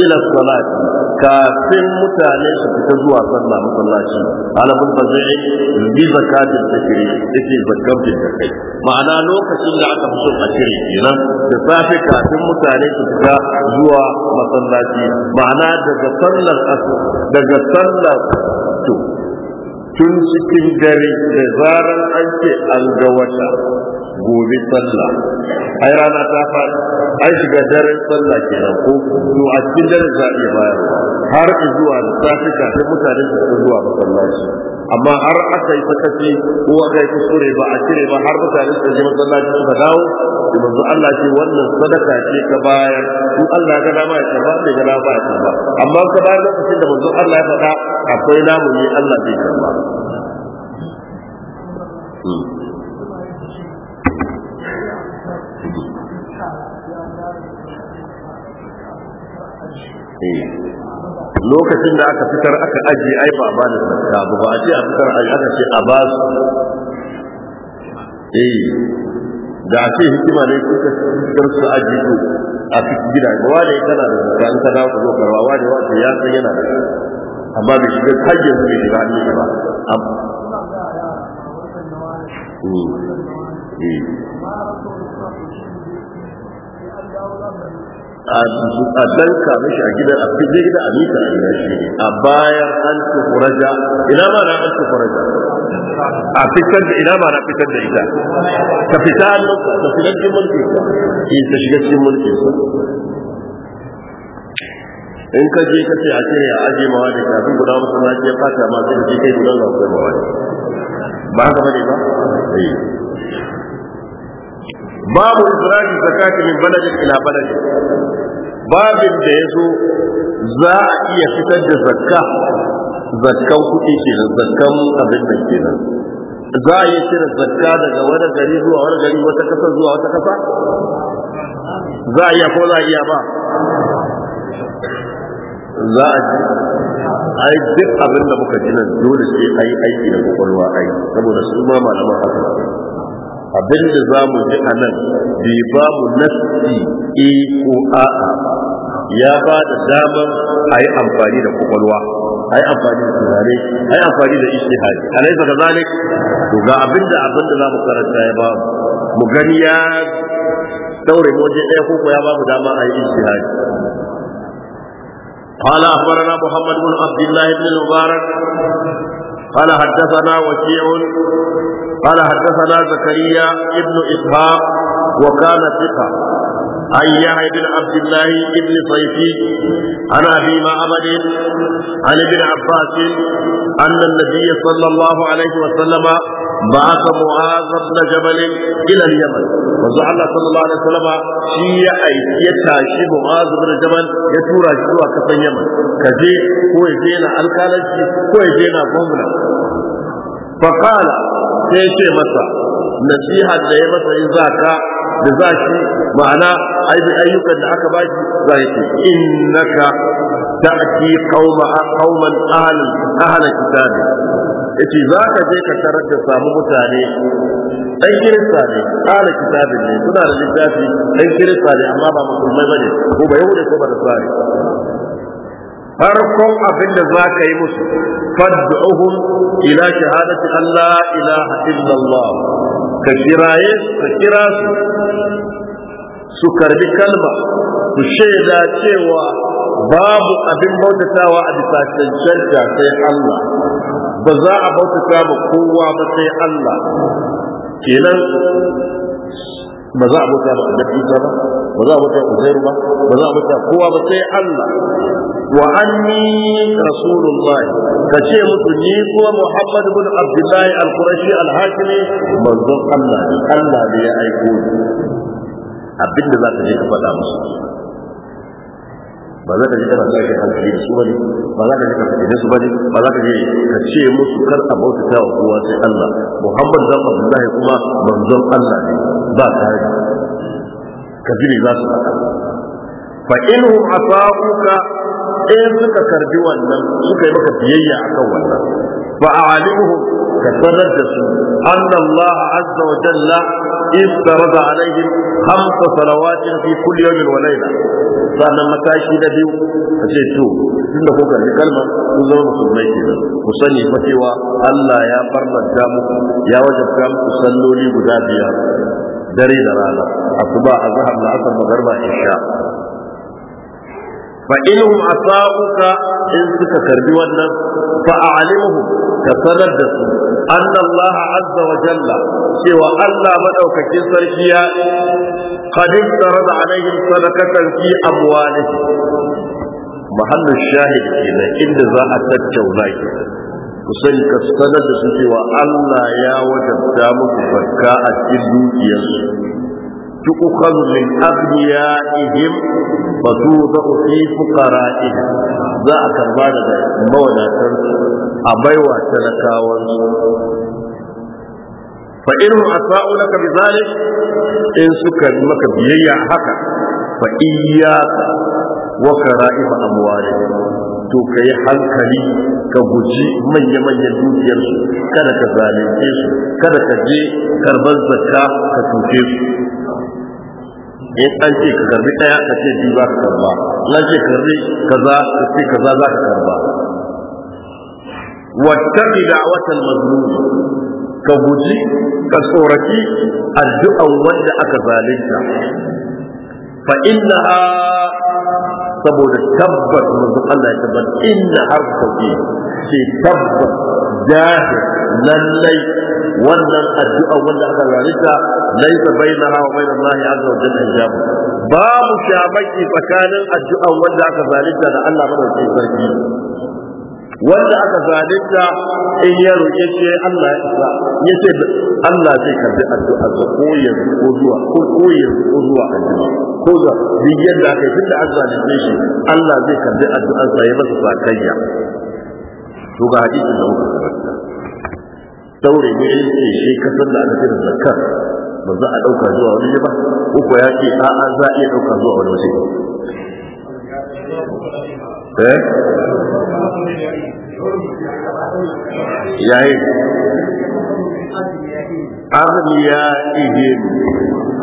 إلى الصلاة kafin mutane su fita zuwa sallah masallaci alabul bazai bi zakatul fitri yace zakatul ma'ana lokacin da aka fito a cire kenan da safe kafin mutane su fita zuwa masallaci ma'ana daga sallar asu daga sallar tun cikin dare da zarar an ce an ga wata gobe sallah ai rana ta faɗi ai shiga daren sallah nan ko to a cikin daren za a iya bayarwa har zuwa da safi kafin mutane su zuwa masallaci amma har aka yi sakaci ko aka yi kuskure ba a cire ba har mutane su je masallaci suka dawo da manzo Allah ce wannan sadaka ce ka bayar in Allah ya ga dama ya karba bai ga dama ya karba amma ka bayar lokacin da manzo Allah ya faɗa akwai namu ne Allah zai karba hmm. lokacin da aka fitar aka ajiye ai ba ba da zakka ba ba a ce a fitar ai aka ce a ba su eh da ce hikima ne ka fitar su ajiye to a cikin gida ba wani kana da zakka in ka dawo ka zo karwa wani wani ya san yana da amma bai shiga hajjin su bai shiga ne ba eh eh a danka mishi a gidan a fije gida a mita a gidan shi a bayan an tufuraja ina ma na an tufuraja a fitar da ina ma na fitar da ita ka fita hannun ka fitar cikin mulki ka ta shiga cikin mulki eh, in ka je ka ce a ce ya aje ma wani kafin guda masu na je fata ma sai ka kai guda za ku ma wani ba haka bane ba eh. babu isra'i zakati min baladin ila baladin babin da ya zo za a iya fitar da zakka zakkan kuɗi ke nan, zakkan abin da kenan za a iya cire zakka daga wani gari zuwa wani gari wata kasa zuwa wata kasa za a iya ko za a iya ba za a ji ai duk abin da muka ji nan dole sai ai aiki da kwakwalwa ai saboda su ma malaman haka abin da za mu ji a nan bai ba mu nassi e ko a'a ya ba da damar a yi amfani da kwakwalwa a yi amfani da tunani a yi amfani da ishihari a laifin da zalik to ga abin da abin da za mu karanta ya ba mu gani ya daure waje ɗaya ko ya ba mu dama a yi ishihari قال أخبرنا محمد بن عبد الله بن المبارك قال حدثنا وكيع قال حدثنا زكريا ابن إسحاق وكان ثقة عن يحيى بن عبد الله بن صيفي عن ابي معبد عن ابن عباس ان النبي صلى الله عليه وسلم بعث معاذ بن جبل الى اليمن وزعل الله صلى الله عليه وسلم شيء يتاشي معاذ بن جبل يتورا شيء كفن يمن كجي هو يجينا الكالجي هو يجينا قومنا فقال sai ce masa nasiha da ya masa in za ka da za shi ma'ana ayyukan da aka ba shi za ya ce innaka ta'ti qauma qauman ahli ahli kitabi yace za ka je ka tarar da samu mutane Ɗan kirista ne ala kitabin ne suna da littafi ɗan kirista ne amma ba musulmai ba ne, ko ba yau da ko ba da sare farkon abin da za ka yi musu fad'uhum ila shahadati an la ilaha illallah ka kiraye ka kira su su karbi kalma su shaida cewa babu abin bautatawa a bisa cancanta sai Allah ba za a bautata ba kowa ba sai Allah kenan ba za a bauta ba annabi ba ba za a bauta Uzairu ba ba za a bauta kowa ba sai Allah wa anni rasulullah ka ce musu ni kuma Muhammad ibn Abdullahi al-Qurashi al-Hakimi manzon Allah ne Allah ne ya aiko abinda za ka je ka faɗa musu ba za ka ji kana sake hankali da su bane ba za ka ji ka fitine su bane ba za ka ji ka ce musu kar a bautata wa kowa sai Allah Muhammad dan Abdullahi kuma manzon Allah ne ba kare ka ji ne za su faɗa fa inhum asaqaka Eh, suka karbi wannan suka yi maka biyayya akan wannan fa a'alimuhu ka sanar da su anna Allah azza wa jalla istarada alaihim khamsa salawatin fi kulli yawmin wa layla sannan mataki na biyu a ce to tunda ko karbi kalma kun zama musulmai kenan ku sani fa cewa Allah ya farlanta muku ya wajabta muku salloli guda biyar dare da rana asuba azhar la'asar magarba isha fa inhum asauka in suka karbi wannan fa a'limuhum ka sanar da su anna Allah azza wa jalla cewa Allah madaukakin sarki ya qad tarada alaihim sadaqatan fi amwalihim mahallu shahid kenan inda za a tattauna kenan kusan ka sanar da su cewa Allah ya wajabta muku zakka a cikin dukiyarsu تؤخذ من أغنيائهم فتوضع في فقرائهم za a karba daga mawadatar a baiwa talakawar fa irin asa'u na kabi in suka yi maka biyayya haka fa iya wa kara'i fa amuwari to ka yi hankali ka guji manya-manyan dukiyarsu kada ka zalunce su kada ka je karban zakka ka tuke su in an ce ka karbi daya ka ce biyu za ka karba in an ce ka karbi kaza ka ce kaza za ka karba wattaqi da'watal mazlum ka guji ka tsoraki addu'an wanda aka zalunta fa innaha saboda tabbas manzon Allah ya tabbata inna har tauhid ce tabbas jahil lallai wannan addu'a wanda aka rarita laisa bainaha wa bain Allah azza wa jalla hijab babu shamaki tsakanin addu'a wanda aka zalunta da Allah madaukakin sarki wanda aka zalunta in ya roƙe shi Allah ya isa ya Allah zai karbi addu'a ko yanzu ko zuwa ko ko yanzu ko zuwa addu'a ko da duk da aka yi tunda an zalunce shi Allah zai karbi addu'arsa ya masa sakayya to ga hadisin da muka karanta daure ne ce shi kasar da aka ce zakar ba za a dauka zuwa wani ba uku ya ce a a za a iya dauka zuwa wani waje eh yayi aghniya ihim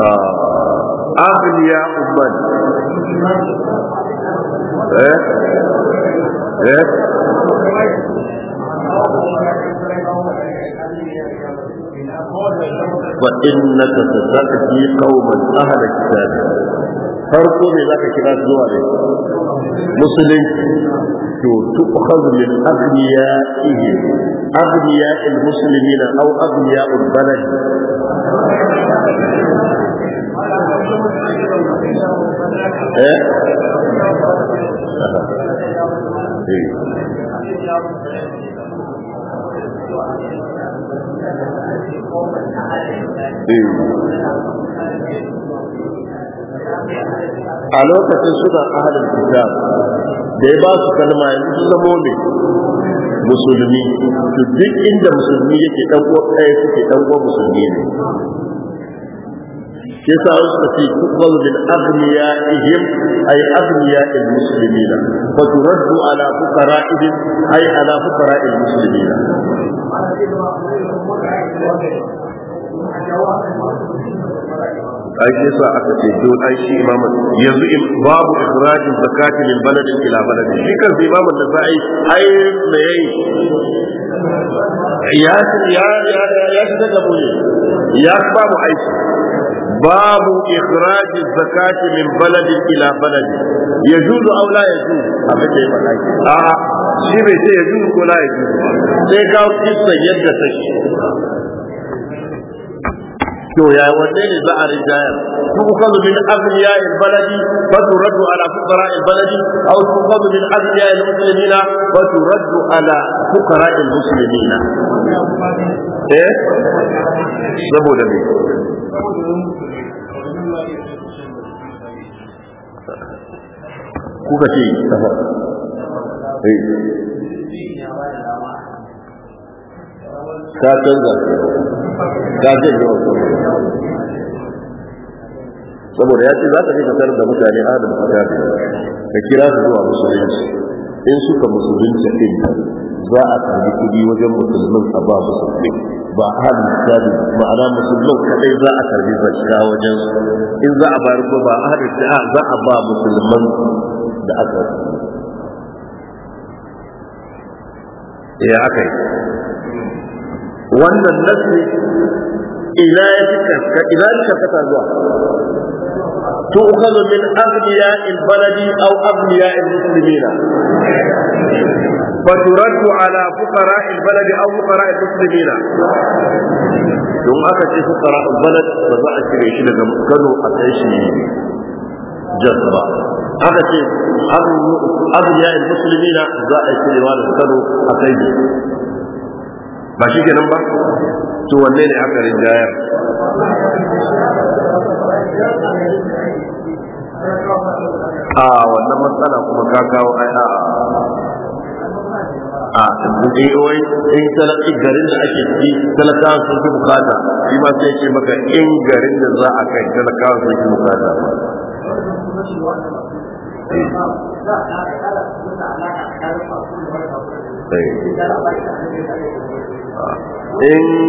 ah. aghniya umman eh eh فإنك ستأتي قوما أهل الكتاب فرقوا لك كلاس زواري مسلم تؤخذ من أغنيائه أغنياء المسلمين أو أغنياء البلد إيه؟ إيه؟ a lokacin suna ahalin kitab da ya ba su kalma yanzu zamo ne musulmi duk inda musulmi yake dan ɗaya suke ɗan'uwan musulmi ne yasa wasu fi tuqbal bil aghniyaihim ay aghniya'il muslimin fa turaddu ala fuqara'ihim ay ala fuqara'il muslimin ai shi yasa aka ce don ai shi imamu yanzu in babu ikhrajin zakati min baladin ila baladin shi kan imamu da sai ai me yayi ya ya ya ya shi daga ya ba mu aiki باب إخراج الزكاة من بلد إلى بلد يجوز أو لا يجوز أبدا كيف آه شيء يجوز ولا يجوز سيكاو قصة يدتك to ya wanne ne za a rinjaya tuqadu min aghniya albaladi wa turaddu ala fuqara albaladi aw tuqadu min aghniya almuslimina wa turaddu ala fuqara almuslimina eh saboda ne kuka ce tafa eh ka canza da zai yi saboda ya ce za ka rika da mutane adam a gadi ka kira su zuwa musulunci in suka musulunci din za a sami kuɗi wajen musulmin a ba musulmi ba ahalin kitabi ma'ana musulmin kadai za a karbi zakka wajen in za a bayar ko ba ahalin kitabi za a ba musulman da aka ya aka yi wannan nasri ila ya fita ila ya fita zuwa تؤخذ من أغنياء البلد أو أغنياء المسلمين فترد على فقراء البلد أو فقراء المسلمين ثم أخذ فقراء البلد فضع الشيء لهم كانوا أتعيشي جذبا أخذ أغنياء المسلمين ضع الشيء لهم كانوا أتعيشي ba shi kenan ba to wanne ne aka rinjayar a wannan matsala kuma ka kawo ai a a eh, AOI in talaki garin da ake ciki, talakawa sun fi bukata shi ma sai ce maka in garin da za a kai talakawa sun fi bukata ba eh. in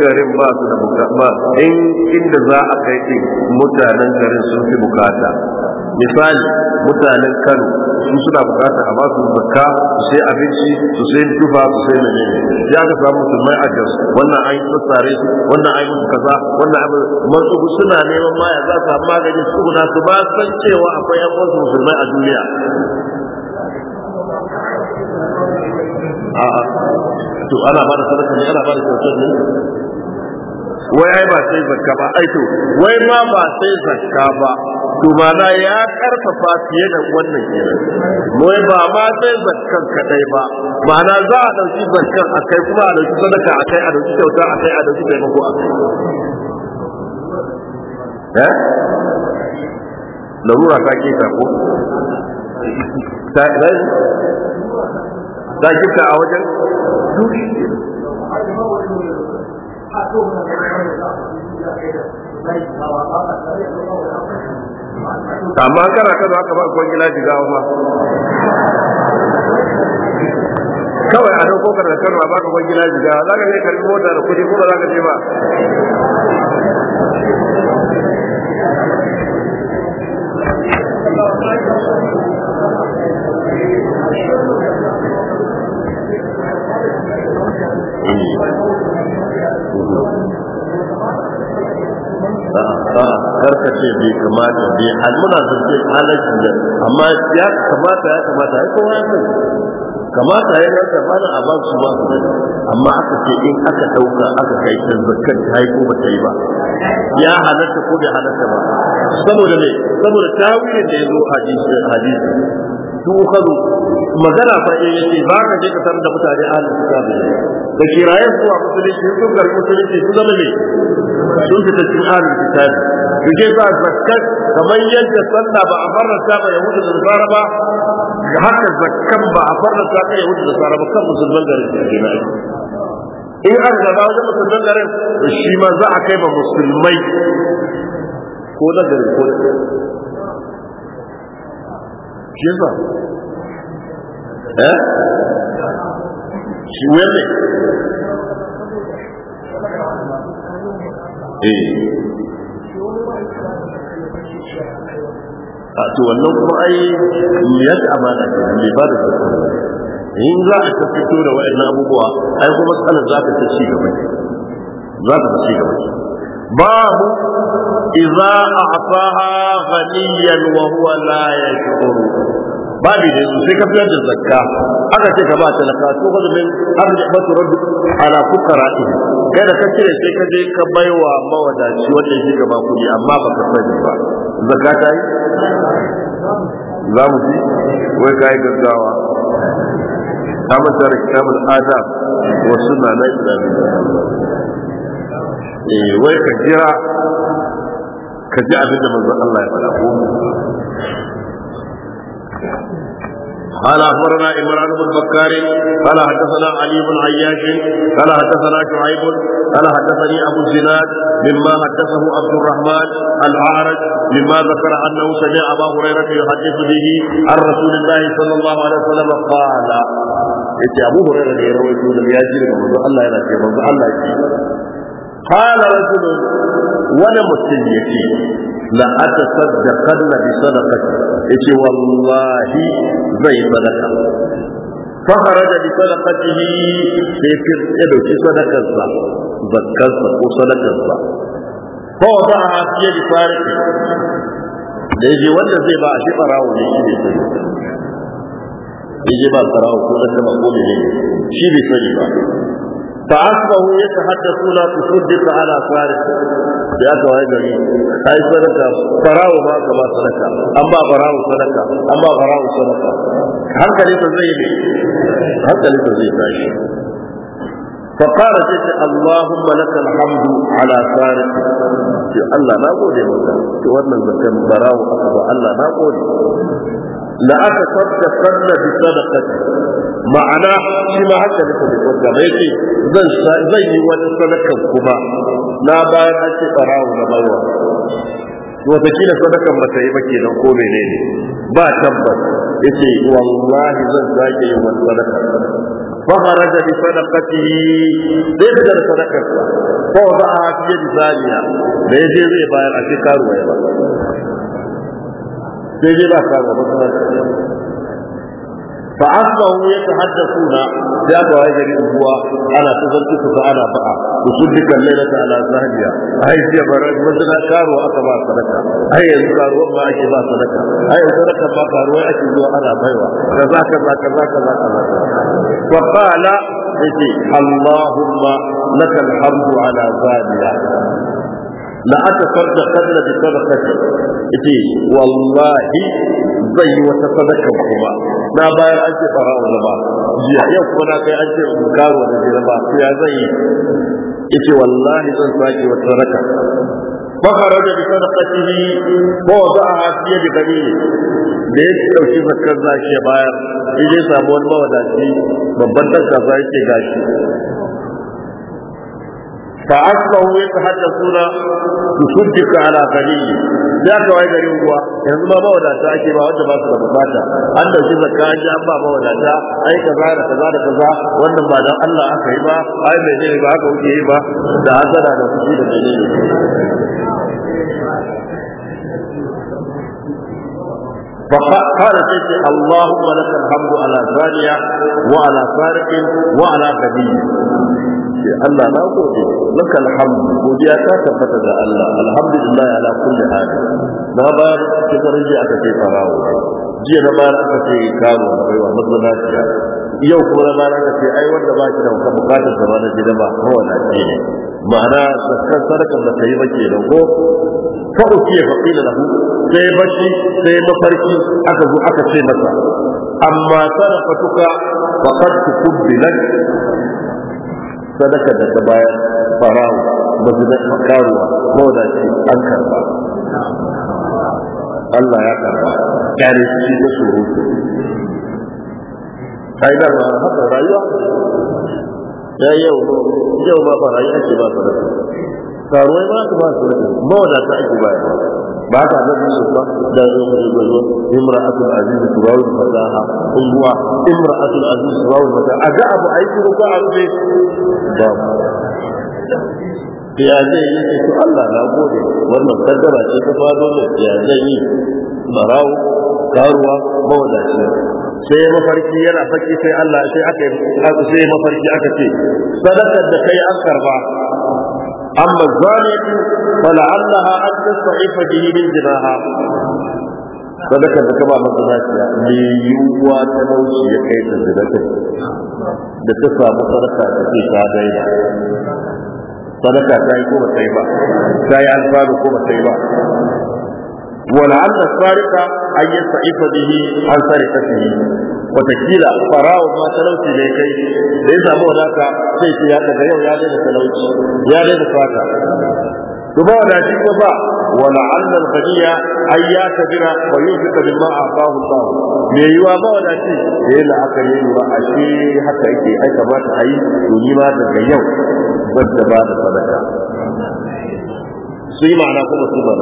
garin ba su da bukata in inda za a kai din mutanen garin sun fi bukata misali mutanen Kano su suna bukata a basu zakka su sai abinci su sai tufa su sai mene ya ga samu su mai ajas wannan an yi tsare su wannan an yi kaza wannan abin masu suna neman ma ya za su samu magani su guda su ba san cewa akwai yan wasu musulmai a duniya to ana ba da sadaka ne ana ba da kyautar ne wai ai ba sai zakka ba ai to wai ma ba sai zakka ba to mana ya karfafa fiye da wannan kenan wai ba ma sai zakkan kadai ba mana za a dauki zakkan akai kuma a dauki sadaka akai a dauki kyauta akai a dauki taimako akai eh larura ta ke ta ko ga shirka a wajen dushi amma kana Kano, aka ba kwan gina shiga ma kawai a doko kana kano a baka kwan gina shiga za ka ne karbi mota da kudi kuma za ka je ba Thank you. karka ce bai kamata bai halmuna su ce halarci da amma ya kamata ya kamata ya kowa ya sani kamata ya nan karfa da a su ba su amma aka ce in aka ɗauka aka kai can zakar ta yi ko ba ta yi ba ya halarta ko bai halarta ba saboda ne saboda tawilin da ya zo hadisi tukhadu magana farko yake ba ka je ka da mutane ahlul kitab da kiraye zuwa musulunci sun karbi musulunci su zama ne sun fita cikin ahlul kitab za ba zakkat kamar yadda sallah ba a farrata ya wuce da nasara ba haka zakkan ba a farrata ya wuce da nasara ba kan musulman garin kenan in an gaba wajen musulman garin shi ma za a kai ba musulmai ko na garin ko shi yasa eh shi wele eh a ah, to wannan kuma ai ya ta amana ce mai ba da in za a ta fito da wa'annan abubuwa ai kuma tsanin za ka ta ci gaba za ka ta ci gaba babu idza a'taha ghaniyan wa huwa la yashkuru babu da su sai ka fitar da zakka aka ce ka ba talaka to gudu min arji batu raddu ala fuqara'i kada ka cire sai ka ka baiwa mawadaci wanda yake gaba kudi amma ba ka sani ba zakka ta yi za mu ci wai kai gaggawa ta masar kitabul adab wa sunna na islamiyya eh wai ka jira ka ji abin da manzon Allah ya faɗa ko قال اخبرنا عمران بن بكار قال حدثنا علي بن عياش قال حدثنا شعيب قال حدثني ابو الزناد مما حدثه عبد الرحمن الاعرج مما ذكر انه سمع ابا هريره يحدث به عن رسول الله صلى الله عليه وسلم قال yace abu hurairah ne ya rawaito da ya ji daga manzo Allah yana ce manzo Allah ya ce qala rajulun wani mutum yake la atasaddaqanna bi sadaqati yace wallahi zai sadaka fa kharaja bi sadaqatihi sai ya dauki sadakarsa zakkarsa ko sadakarsa fa wada'a fi yadi fariki da yaje wanda zai ba shi barawo ne shi yaje ba barawo ko ne shi ba فأصبحوا يتحدثون تصدق على فارس يا كواجري أي صدقة فراو ما كما صدقة أما فراو صدقة أما فراو صدقة هل كان يتزيني هل كان يتزيني فقال جد اللهم لك الحمد على فارق الله ما قولي مكا وانا زكام براو أكبر الله ما قولي لأك صدقن بصدقة معنى فيما حتى لكم يقول بيتي زي وتصدقا كما لا باين أنت براو نموا watakila sadakan ba ta yi ba kenan ko menene ba tabbas yace wallahi zan sake yin wannan sadaka فخرج بصدقته بيقدر صدقة فوضعها في يد ثانية بيجي زي باير أشي كاروة يا بابا بيجي بقى كاروة fa asbahu yatahaddathuna da ba ya gari kuwa ana ta zanci su fa ana fa'a usuddika lailata ala sahbiya ai sai barar masala karo aka ba sadaka ai yanzu karo ba ake ba sadaka ai sadaka ba karo ake zuwa ana baiwa da kaza kaza kaza kaza wa qala yace allahumma lakal hamdu ala zaliya la atasaddaqanna da sadaqati yace wallahi zai wata sadaka kuma na bayar an ce fara wa ba jiya yau kuma na kai an ce karo da jira ba to ya zai yace wallahi zan saki wata sadaka فخرج a ووضعها في يد ne. da ya ɗauki zakar zashi ya bayar ya je samu wani mawadaci babban dakka za ya ce gashi فأصبحوا يتحدثون بصدق على غني ذاك واي غري ruwa yanzu ma mawadata wadata ake ba wanda ba su da bukata an dauki zakka an ji an ba wadata ai kaza da kaza da kaza wannan ba dan Allah aka yi ba ai menene ba aka wuce yi ba da hasara da kuɗi da menene فقال سيدي اللهم لك الحمد على ثانية وعلى فارق وعلى قديم الله لا أقول لك الحمد ودي أتاك فتد الله الحمد لله على كل حال ما بار كترجي أتكي فراوه جي نبار أتكي كامو بيوه مظلمات يعني yau kuma na bana ka ce ai wanda ba shi da bukatar sa ba na gida ba kowa na ce ne ma'ana zakar sadakan ba ta yi ba ke da ko ka uki ya faɗi da lahu sai bashi sai mafarki aka zo aka ce masa amma sadaqatuka faqad tuqbilat sadaka da ta bayar Farawa ba su da makaruwa ko da ce an karba Allah ya karba kare shi da surutu ai da ma haka rayuwa ya yau yau ma ba rayuwa ake ba su rasu karuwai ba su ba su rasu ta ake ba ya ba ta da su ba da zo ku zo zo imra'atul aziz turawu fasaha in huwa imra'atul aziz turawu fasaha aga abu aiki ko a rufe da ya zai yi ce to Allah na gode wannan kaddara ce ta fado da ya zai yi barawo karuwa mawadaci sai mafarki yana farki sai Allah sai aka sai mafarki aka ce sadakar da kai an karba amma zalimi fala'allaha an tasaifa bihi min jinaha sadakar da ka ba masa zakiya me yiwuwa ta nauci ya kai ta sadakar da ta samu sadaka da ke ta daina sadaka ta yi ko ba ta yi ba ta yi alfanu ko ba ta yi ba ولعل السارق أن يستعيف به عن سرقته وتكيل فراو ما تلوتي لكي ليس أبو ذاك شيء يا تغير يا ليت تلوتي يا ليت فاتا ثم لا شيء با ولعل الغني أن يعتبر ويوفق بما أعطاه الله me yiwa ba wada ce da yi la'akari yiwa a shi haka yake ai kamata a yi to ni ma daga yau zan ba da sadaka su yi ma'ana kuma su ba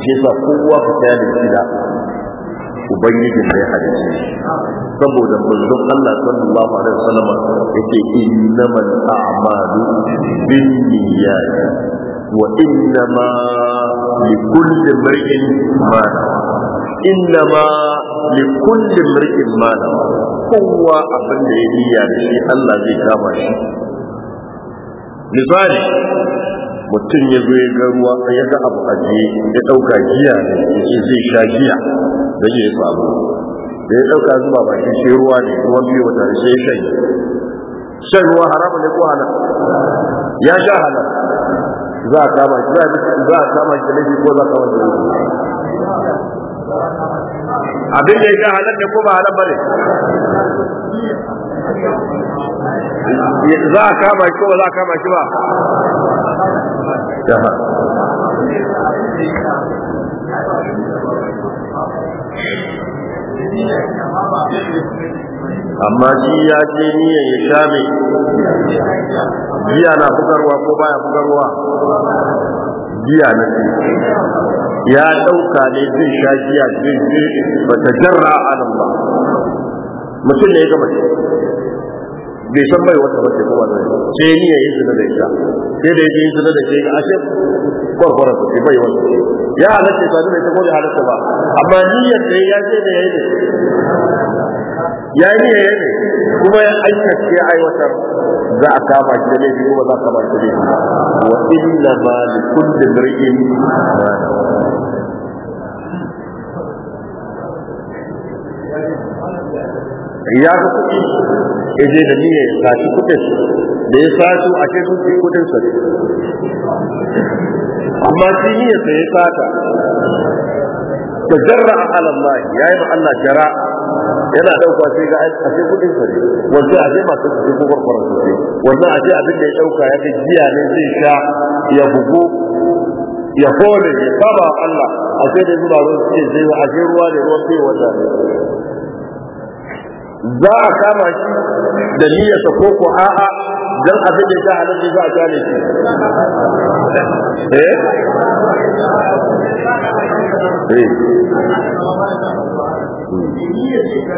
shi yasa kowa ku tsaya da shida ubangijin da ya halice saboda manzon Allah sallallahu alaihi wasallam yake innamal a'malu binniyat wa innama likulli mar'in ma innama likulli mar'in ma kowa abin da ya iya da shi Allah zai kama shi misali mutum ya zo ya ga ruwa ya ga abu ajiye ya ɗauka giya ne ya zai sha giya da ya samu da ya ɗauka zuba ba shi ruwa ne ruwan biyu wata da shi shan shan ruwa haramun ne ko halal ya sha halal za a kama shi za a kama shi laifi ko za a kama shi laifi abin da ya sha halal ne ko ba halal ba ne za a kama shi ko ba za a kama shi ba amma shi ya ce niyan ya sha mai biya na fukarwa ko baya fukarwa biya na ce ya ɗauka ne zai sha biya zai zai ba ta jarra alam ba mutum ne ya gama bai san mai wata bace ko wani sai ni yayin zina da ita sai da yayin zina da ita ashe kwarkwara ta sai bai wata ya halatta ta da ita ko da halatta ba amma ni ya da ya ce da yayin ya yi yayin kuma ya aikata ce aiwatar za a kama shi da laifi kuma za a kama shi da laifi wa illa ma li kulli mar'in ya ga kuɗi ya je da niyyar ya saci kuɗin da ya sato a ce sun kuɗin sa ne amma shi niyyar sa ya sata ta jarra a alamma ya yi ma Allah jara yana ɗauka sai ga a ce kuɗin sa ne wanda a ce masu kuɗi ko farfara su ne wanda a ce abin da ya ɗauka ya ga giya ne zai sha ya bugu ya kore ya saba Allah a sai da zuba ruwan ce zai a sai ruwa da ruwan sai wata za a kama shi da niyyarsa koko ko a'a dan abin da ta da za a gane shi eh eh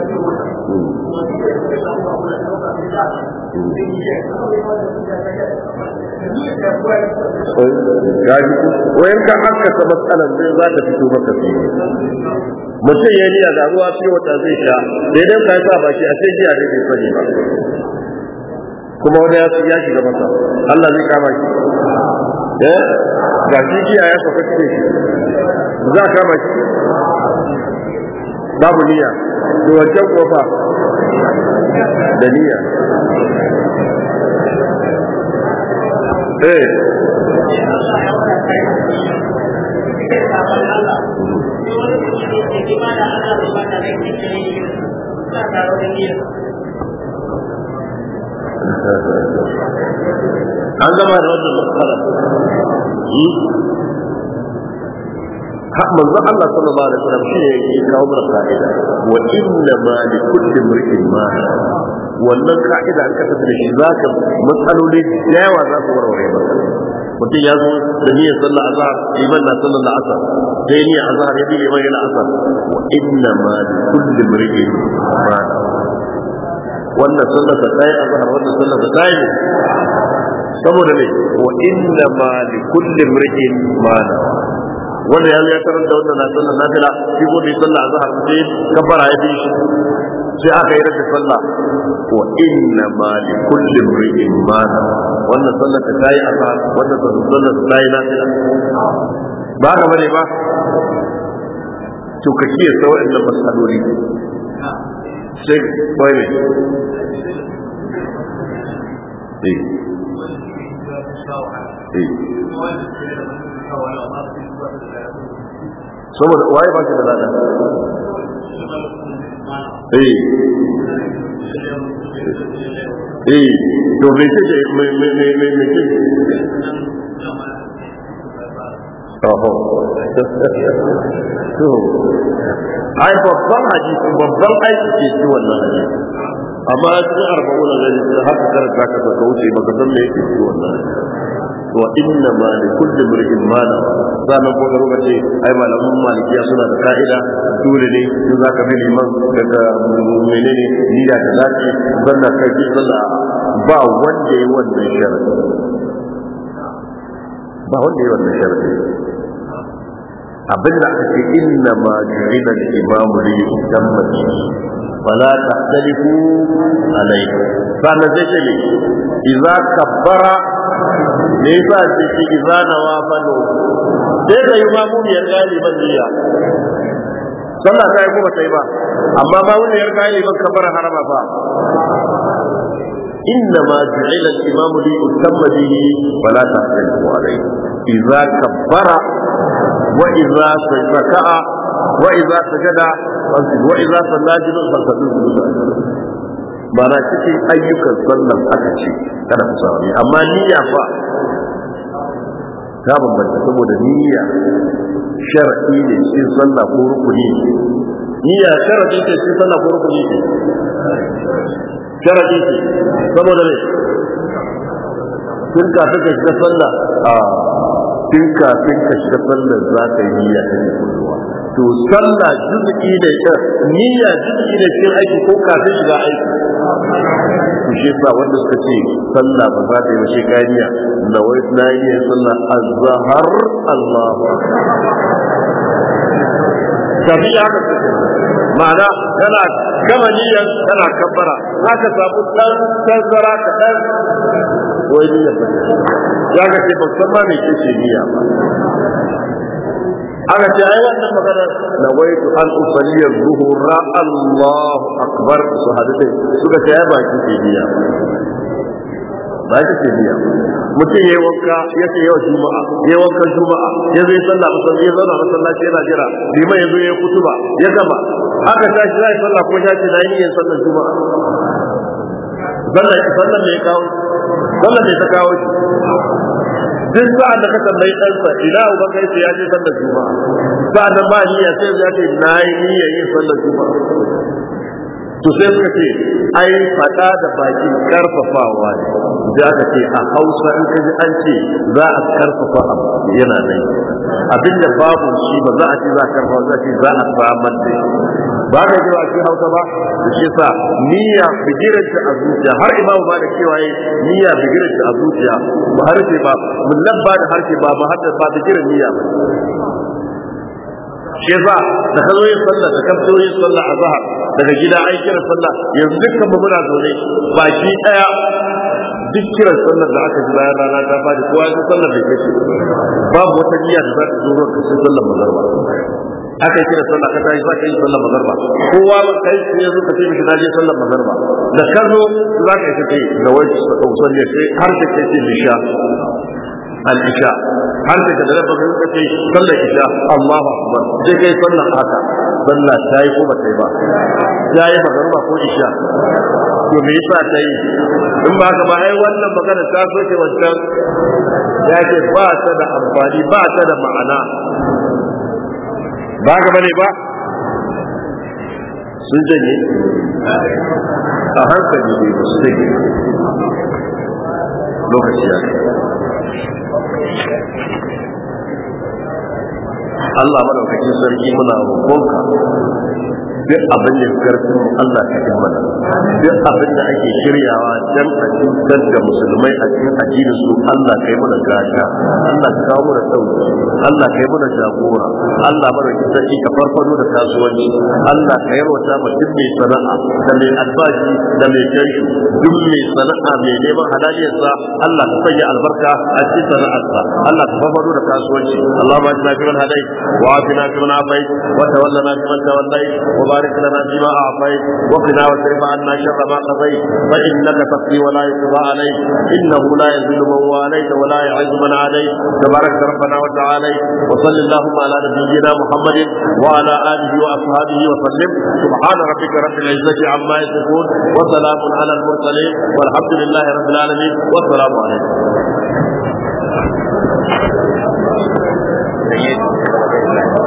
hmm. Hmm. gaji wayan ka ta matsalar zai za ta fito maka fiye mutum ya niya da ruwa sai wata zai sha daidai ka sa baki a sai giya da bai ba kuma wani ya ya shiga masa Allah zai kama shi eh ga shi giya ya saka cikin shi za kama shi babu niyya to wancan kofa da niyya Eh. an gama da wannan manzo Allah sallallahu alaihi wasallam shi ne yake kawo mana ka'ida wa inna ma li kulli mri'in ma wannan ka'ida an kafa da shi zaka matsaloli da yawa za su warware ba. mutum ya zo da niyyar sallar azhar iman na sallar asar sai niyyar azhar ya bi liman yana asar wa inna ma li kulli mri'in ma wannan sallar ta dai azhar wannan sallar ta dai saboda ne wa inna ma li kulli mri'in ma wanda ya ya karanta wannan na sallar nafila shi ko bai sallah azhar sai kafara ya bi shi sai aka yi rashin sallah wa inna ma li kulli imrin ma wannan sallar ta tayi azhar wannan sallar ta tayi nafila ba ka bane ba to ka ya sauran nan masaloli sai kawai ne saboda waye ba da eh. eh to ce ce ai babban hadisi babban aiki ke shi wannan hadisi. Amma cikin arba'una zai karanta ka ka wuce baka san me yake shi wannan hadisi. wa inna ma li kulli mar'in ma la sanan ko garuka ce ai malamun malikiya suna da ka'ida dole ne in zaka bi liman daga menene ni da zaki zanna kai sallah ba wanda yayi wannan sharadi ba wanda yayi wannan sharadi abinda aka ce inna ma ju'ila da imamu li yutamma فلا تختلفوا عليه فأنا زيشلي إذا كبر ليس أشيشي إذا نوى فنو sai da yi mamuniyar galiban niyya sallah ta yi kuma ta yi ba amma mamuniyar galiban kamar harama fa إنما جعل الإمام ليتم به ولا تختلفوا عليه إذا كبر وإذا ركع وإذا سجد فاسجد وإذا صلى جلوس فاسجد جلوسا ba na cikin ayyukan sallan aka ce kada ku saurari amma niyya fa ta bambanta saboda niyya shar'i ne cikin sallah ko rukuni niyya shar'i ce cikin sallah ko rukuni ce shar'i saboda ne sun sallah a tun kafin ka shiga sallar za ka yi niyya ta ke kulluwa to sallah juzuki da ita niyya juzuki da cikin aiki ko kafin shiga aiki to shi yasa wanda suka ce sallah ba za ta yi mace kariya da wai na yi yin sallah azhar Allah kafin ya haka ma'ana tana gama niyyar kana kabbara za ka samu ɗan tazara kaɗan wai niyyar ba ya ga ce ban san ma me ke ce niyya ba ana ce ai wannan magana na waitu an usalliya ra Allahu akbar su hadisi suka ce ai ba ki ce niyya ba ki ce niyya mutum yayi wanka ya ce yau juma'a yayi wanka juma'a ya zai sallah masallaci ya zauna masallaci yana jira liman ya zo ya kutuba ya gama aka tashi zai sallah ko ya ce na yi yin sallar juma'a sallar sallar me ya kawo wannan ne ta kawo shi duk sa'an da ka tambayi ɗansa ina uba kai sai ya je sallar juma'a sa'an nan ba niyya sai ya ce na yi niyya yin sallar juma'a to sai suka ce ai fada da baki karfafawa ne da aka ce a hausa in ka ji an ce za a karfafa abu yana nan abinda babu shi ba za a ce za a karfafa za a ce za a samar da shi ba ka ji shi hausa ba shi sa niyya bigiran ta a zuciya har imamu ba da cewa yi niyya bigiran ta a zuciya ba harshe ba mulabba da harshe ba ba haddasa ba bigiran niyya ba shi sa, da ka zo yin sallah da ka zo yin sallah a zahar daga gida an kira sallah yanzu dukkan mu muna zaune baki daya duk kiran sallar da aka ji bayan rana ta fadi kowa ya sallar da kake babu wata niyya da za ta zo ka ci sallar mazarba aka kira sallah ka tashi za ka yi sallar mazarba kowa ba kai sai yanzu ka ce mishi na je sallar mazarba da ka za ka yi ta kai da wani sallar sai har ta kai ce bisha al-isha har ta da rabba ka ce sallar isha Allahu akbar sai kai sallar haka sallah ta yi ko ba ta yi ba ta yi ba ko isha to me yasa ta yi in ba ka ba ai wannan magana ta ke wancan ya ce ba ta da amfani ba ta da ma'ana ba ka bane ba sun janye a hankali ne su janye lokaci ya Allah madaukakin sarki muna roƙonka duk abin da ya karfin Allah ka mana duk abin da ake shiryawa can a cutar da musulmai a cikin addinin su Allah kai mu da gasha Allah ka kawo mu da sauki Allah kai mu da jagora Allah mara kisanci ka farfado da kasuwanci Allah ka yi yarwata mu duk mai sana'a da mai albashi da mai kanshi duk mai sana'a mai neman halaliyarsa Allah ka sanya albarka a cikin sana'ar sa, Allah ka farfado da kasuwanci Allah ma jina fi man hadai wa afina fi man afai wa tawallana fi man tawallai wa barik lana fi ma afai wa qina wa sirfa عنا شر ما قضيت فإنك تقضي ولا يقضى عليك إنه لا يذل من واليت ولا يعز من عليك تبارك ربنا وتعالى وصل اللهم على نبينا محمد وعلى آله وأصحابه وسلم سبحان ربك رب العزة عما يصفون وسلام على المرسلين والحمد لله رب العالمين والسلام عليكم Thank you.